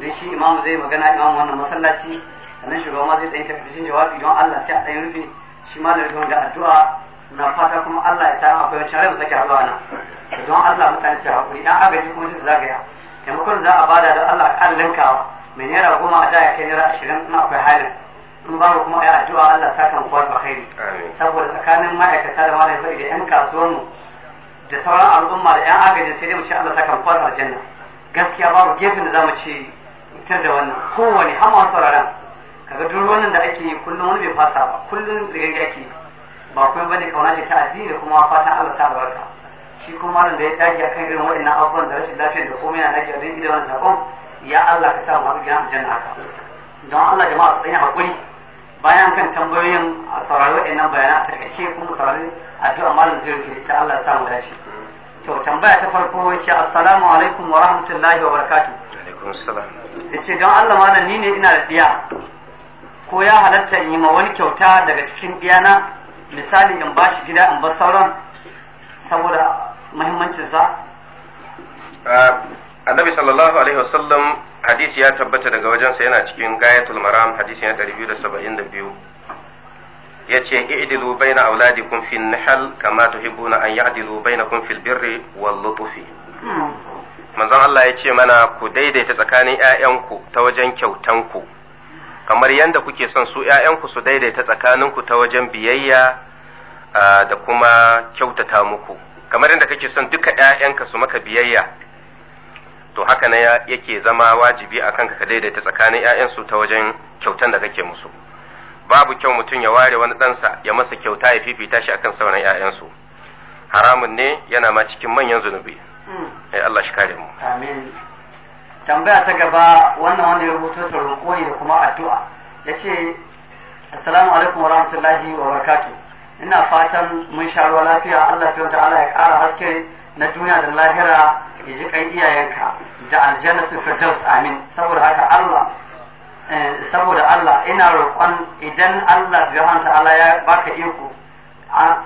don shi imamu zai magana imamu wannan masallaci sannan shugaba ma zai ɗanyi takaitaccen jawabi don Allah sai a ɗanyi rufe shi ma da rufe da addu'a na fata kuma Allah ya sa akwai wancan rai mu sake haɗuwa nan don Allah mutane su haƙuri ɗan agaji kuma su zagaya taimakon za a bada don Allah ƙarin linkawa mai naira goma a da kai naira ashirin na akwai halin in babu kuma ya addu'a Allah ta kan kuwa alkhairi saboda tsakanin ma'aikata da malamai da yan kasuwar mu da sauran al'umma da yan agajin sai dai mu ce Allah ta kan kuwa aljanna gaskiya babu gefen da zamu ce tar da wannan kowane har masu sauraron kaga duk wannan da ake yi kullum wani bai fasa ba kullum rigar ake ba kuma bane kauna ce ta addini da kuma fatan Allah ta albarka shi kuma malam da ya dage akan irin waɗannan abubuwan da rashin lafiyar da komai yana a wajen idan wannan sakon ya Allah ka sa mu har gidan aljanna haka don Allah jama'a su tsaya hakuri bayan kan tambayoyin a saurari waɗannan bayanan a takaice kuma saurari addu'a malam zai rufe ta Allah ya samu dace to tambaya ta farko ce assalamu alaikum wa rahmatullahi wa barakatuh alaikum assalam yace don Allah malam ni ne ina da ɗiya, ko ya halatta in yi ma wani kyauta daga cikin diyana misali in ba shi gida in ba sauran saboda muhimmancin ah, annabi sallallahu alaihi wasallam hadisi ya tabbata daga wajen wajensa yana cikin gayatul maram hadisi na 272 yace i'dilu baina auladikum fi nihal kama tuhibbuna an ya'dilu bainakum fil birri wal lutfi manzon Allah yace mana ku daidaita tsakanin ‘ya'yanku ta wajen kyautanku, kamar yadda kuke son su ‘ya'yanku su daidaita tsakaninku ta wajen biyayya da kuma kyautata muku, kamar yadda kake son duka ‘ya'yanka su maka biyayya, to haka na yake zama wajibi a kanka ka daidaita tsakanin 'ya'yansu ta wajen kyautan da kake musu babu kyau mutum ya ware wani ɗansa ya masa kyauta ya fifita shi akan sauran 'ya'yansu haramun ne yana ma cikin manyan zunubi hmm. eh Allah shi kare mu tambaya ta gaba wannan wanda ya rubuto ta roƙo ne da kuma addu'a ya ce assalamu alaikum wa rahmatullahi wa barakatu. ina fatan mun sha ruwa lafiya Allah ta'ala ya ƙara haske na duniya da lahira ya ji kai iyayenka da aljanna aljannatu firdaus amin saboda haka Allah eh, saboda Allah ina roƙon idan Allah subhanahu ta'ala ya baka iko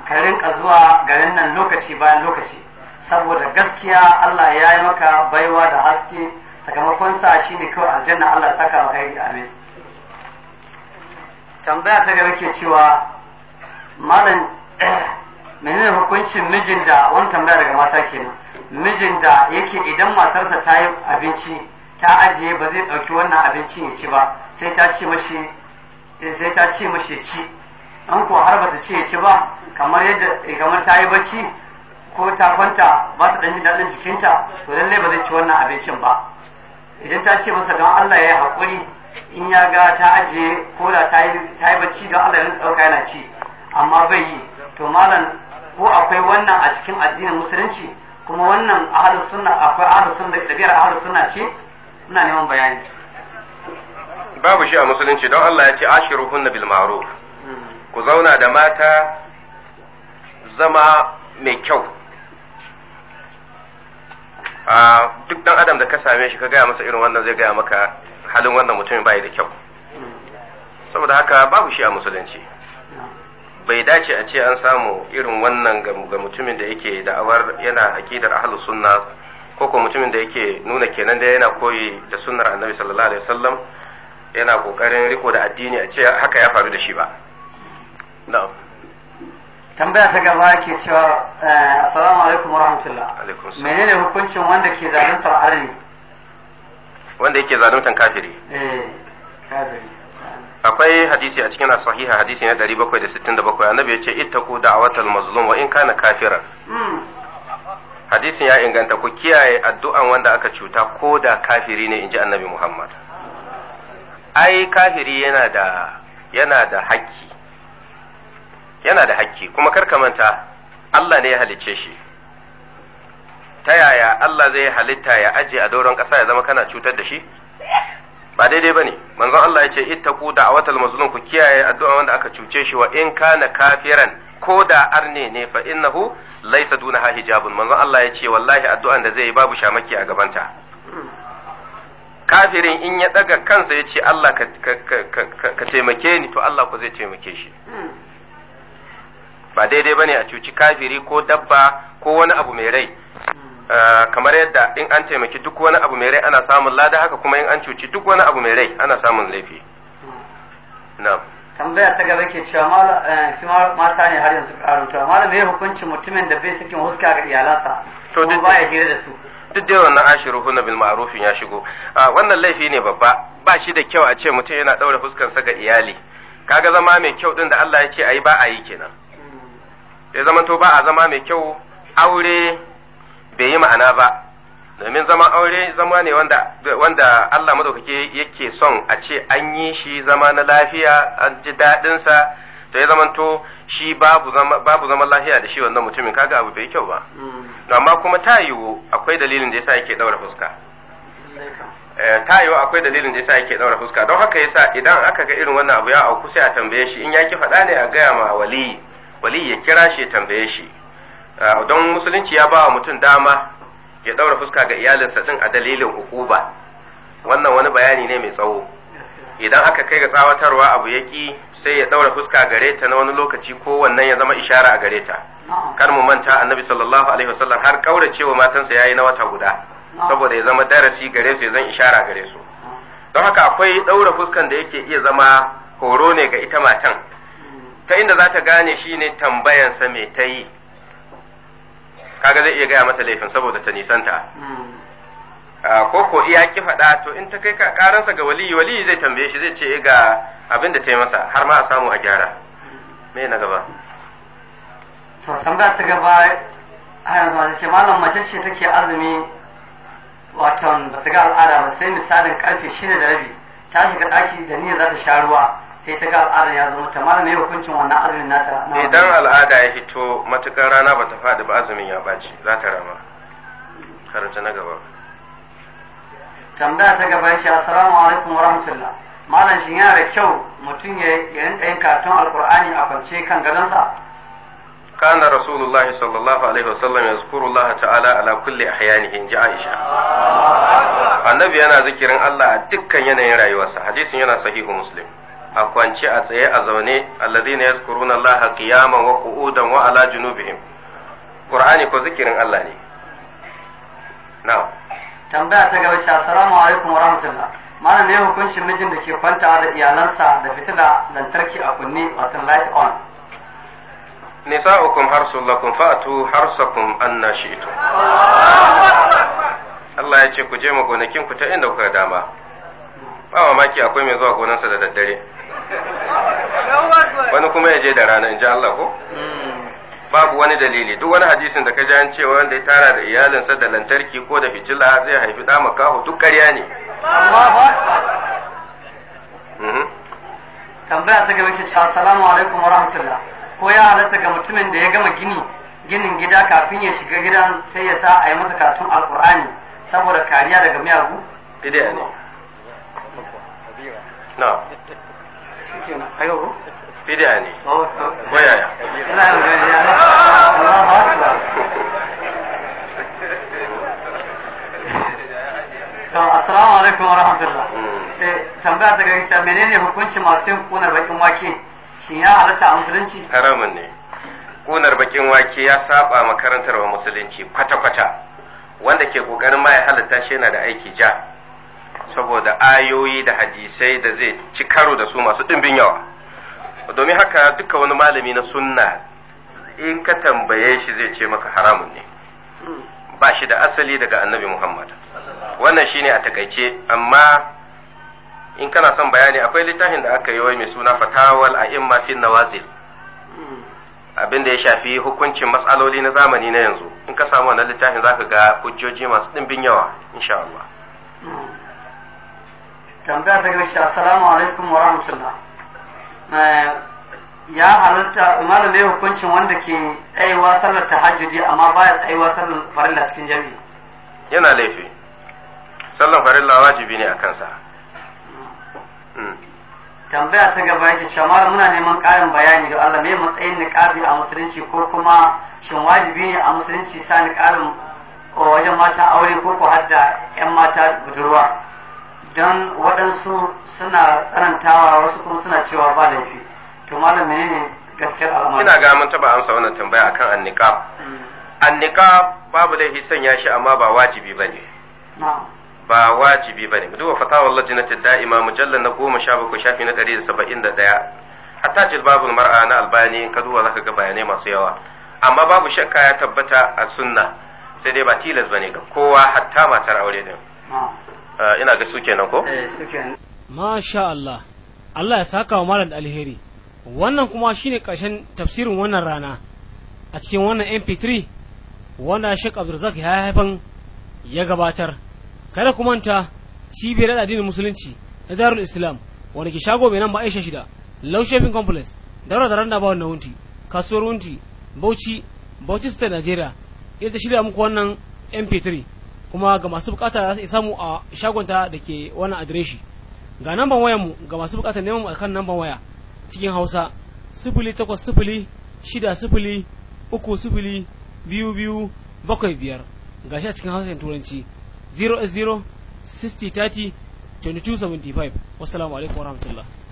ka rinka zuwa garin nan lokaci bayan lokaci saboda gaskiya Allah ya yi maka baiwa da haske sakamakon sa ne kawai aljanna Allah ya saka maka amin tambaya ta gaba ke cewa malam menene hukuncin mijin da wani tambaya daga mata kenan mijin da yake idan matarsa ta yi abinci ta ajiye ba zai ɗauki wannan abincin ya ci ba sai ta ce mashi eh, sai ta ce mashi ci an ko har ba ta ce ya ci ba kamar yadda eh, kamar ta yi bacci ko ta kwanta ba ta ɗan daɗin jikinta to lallai ba zai ci wannan abincin ba idan ta ce masa don Allah ya yi haƙuri in ya ga ta ajiye ko da ta yi bacci don Allah ya ɗauka yana ci amma bai yi to malam ko akwai wannan a cikin addinin musulunci kuma wannan ahlus sunna akwai ahlus sunna dabi'ar ahlus sunna ce muna neman bayani babu shi a musulunci don Allah ya ce ashiruhunna bil ma'ruf ku zauna da mata zama mai kyau a duk dan adam da ka same shi ka gaya masa irin wannan zai gaya maka halin wannan mutumin bai da kyau saboda haka babu shi a musulunci bai dace a ce an samu irin wannan ga mutumin da yake da'awar yana aqidar ahlus sunna ko ko mutumin da yake nuna kenan da yana koyi da sunnar annabi sallallahu alaihi wasallam yana kokarin riko da addini a ce haka ya faru da shi ba na'am tambaya ta gaba ke cewa eh, assalamu alaikum wa rahmatullah menene hukuncin wanda ke zaluntar arni wanda yake zaluntar kafiri eh kafiri akwai hadisi a cikin sahiha hadisi na 767 annabi ya ce ittaku da'watal mazlum wa in kana kafiran hmm. hadisin ya inganta ku kiyaye addu'an wanda aka cuta ko da kafiri ne inji annabi Muhammad ai kafiri yana da yana da hakki yana da kuma karka manta Allah ne ya halicce shi ta yaya Allah zai halitta ya aje a doron ƙasa ya zama kana cutar da shi ba daidai bane manzon Allah ya ce ittaqu da'watal mazlum ku kiyaye addu'a wanda aka cuce shi wa in kana kafiran ko da arne ne fa innahu laysa dunaha hijabun manzon Allah ya ce wallahi addu'an da zai yi babu shamaki a gabanta kafirin in ya daga kansa ya ce Allah ka taimake ni to Allah ku zai taimake shi ba daidai bane a cuci kafiri ko dabba ko wani abu mai rai Eh, kamar yadda in an taimaki duk wani abu mai rai ana samun lada haka kuma in an cuci duk wani abu mai rai ana samun laifi tambaya ta gaba ke cewa eh, mata ne har yanzu karuta to malam hukuncin mutumin da bai sukin huska ga iyalansa to duk ba ya hira da su duk da wannan ashiruhuna bil ma'rufin ya shigo ah, wannan laifi ne babba ba shi da kyau a ce mutum yana daura fuskansa ga iyali kaga zama mai kyau din da Allah ya ce ayi ba a yi kenan ya zama to ba a zama mai kyau aure bai yi ma'ana ba domin zama aure zama ne wanda Allah madaukake yake son a ce an yi shi zama na lafiya an ji daɗinsa, to ya zamanto shi babu zama babu zaman lafiya da shi wannan mutumin kaga abu bai kyau ba hmm. amma kuma ta yiwu akwai dalilin da yasa yake daura fuska eh, ta yiwu akwai dalilin da yasa yake daura fuska don haka yasa idan aka ga irin wannan abu ya auku sai a tambaye shi in ya faɗa ne a gaya ma wali wali ya kira shi ya tambaye shi Ah, don musulunci ya ba wa mutum dama ya ɗaura fuska ga iyalinsa ɗin a dalilin ukuba wannan wani bayani ne mai tsawo idan aka kai ga tsawatarwa abu ya ki sai ya ɗaura fuska gare ta na wani lokaci ko wannan ya zama ishara a gare ta kar mu manta annabi sallallahu alaihi wasallam har kaura cewa matansa yayi na wata guda saboda ya zama darasi gare su ya zan ishara gare su don haka akwai ɗaura fuskan da yake iya zama horo ne ga ita matan ta inda za ta gane shine tambayansa mai ta yi kaga zai iya gaya mata laifin saboda ta nisanta hmm. ah, ko ko iya ki faɗa to in ta kai karansa ga waliyi waliyi zai tambaye shi zai ce eh, ga abin da ta yi masa har ma a samu a gyara hmm. me na gaba to tambaya ta gaba har yanzu ce malam mace ce take azumi wato ba ta ga al'ada ba sai misalin karfe shida da rabi ta shiga ɗaki da niyyar za ta sha ruwa sai ta ga al'adar ya zama ta mara mai hukuncin wannan azumin nata idan al'ada ya hito matukar rana ba ta faɗi ba azumin ya ɓaci za ta rama karanta na gaba tambaya ta gaba ce assalamu alaikum wa rahmatullah malam shin yana da kyau mutum ya rinka yin karatun alkur'ani a kwance kan gadonsa كان رسول الله صلى الله عليه وسلم يذكر الله تعالى على كل أحيانه إن عائشة النبي أنا ذكر الله دكا ينا يرى يوسع حديث ينا صحيح مسلم a kwance a tsaye a zaune alladhina yazkuruna Allah qiyaman wa qu'udan wa ala junubihim Qur'ani ko zikirin Allah ne na tambaya ta gaba assalamu alaikum wa rahmatullah malam ne hukuncin mijin da ke kwanta da iyalansa da fitila lantarki a kunne wato light on nisa'ukum harsulakum lakum fa'tu harsakum anna shi'tu Allah ya ce ku je ma gonakin ku ta inda kuka dama ba mamaki akwai mai zuwa gonansa da daddare wani kuma ya je da rana in ji Allah ko babu wani dalili duk wani hadisin da ka ji an cewa wanda ya tara da iyalinsa da lantarki ko da fitila zai haifi da makaho duk ƙarya ne mhm. tambaya ta gaba ce assalamu alaikum wa rahmatullah ko ya halatta ga mutumin da ya gama gini ginin gida kafin ya shiga gidan sai ya sa a yi masa karatun alkur'ani saboda kariya daga miyagu bid'a ne na shikenan haka yaya wa mm. ta cewa menene masu yin kunar bakin wake ya halatta a musulunci haramun ne kunar bakin wake ya saba makarantar wa musulunci kwata-kwata wanda ke ƙoƙarin ma ya halatta shi yana da aiki ja saboda ayoyi da hadisai da zai ci karo da su masu ɗimbin yawa domin haka duka wani malami na sunna in ka tambaye shi zai ce maka haramun ne ba shi da asali daga annabi muhammad wannan shine a takaice amma in kana son bayani akwai littafin da aka yi wai mai suna fatawal a in mafi nawazil abin da ya shafi hukuncin matsaloli na zamani na yanzu in ka samu wannan littafin za ka ga hujjoji masu ɗimbin yawa insha Allah hmm. tambaya ta gaske assalamu alaikum wa rahmatullah ya halarta malam ne hukuncin wanda ke tsayuwa sallar tahajjudi amma baya tsayuwa sallar farilla cikin jami'i yana laifi sallar farilla wajibi ne a kansa tambaya ta gaba yake cewa muna neman ƙarin bayani ga Allah me matsayin niqabi a musulunci ko kuma shin wajibi ne a musulunci sa niqabin wajen mata aure ko ko hadda yan mata budurwa don waɗansu suna tsanantawa wasu kuma suna cewa ba laifi to malam menene gaskiyar al'amari ina ga mun taba amsa wannan tambaya akan annika. Mm. Annika babu laifi sanya shi amma ba wajibi bane ba wajibi bane duba fatawa lajnatid da'ima mujallal na 17 shafi na 171 hatta jilbabul mar'a na albani in ka duba zaka ga bayanai masu yawa amma babu shakka ya tabbata a sunna sai dai ba tilas bane ga kowa hatta matar aure din Eh, ina ga su kenan ko eh, masha Allah Allah ya saka wa malam alheri wannan kuma shine karshen tafsirin wannan rana a cikin wannan mp3 wanda Sheikh Abdulrazak ya haifan ya gabatar kada ku manta cibiyar addinin musulunci na Darul Islam wanda ke shago mai nan ba Aisha shida Low Shopping Complex daura da randa ba wannan wunti kasuwar wunti Bauchi Bauchi State Nigeria ita shirya muku wannan mp3 kuma ga masu bukata za su samu a shagonta da ke wani adireshi ga namban wayanmu mu ga masu bukata neman mu akan namban waya cikin Hausa sifili shida sifili uku sifili biyu biyu bakwai biyar ga shi a cikin hausa turanci 0 2275 60 alaikum warahmatullahi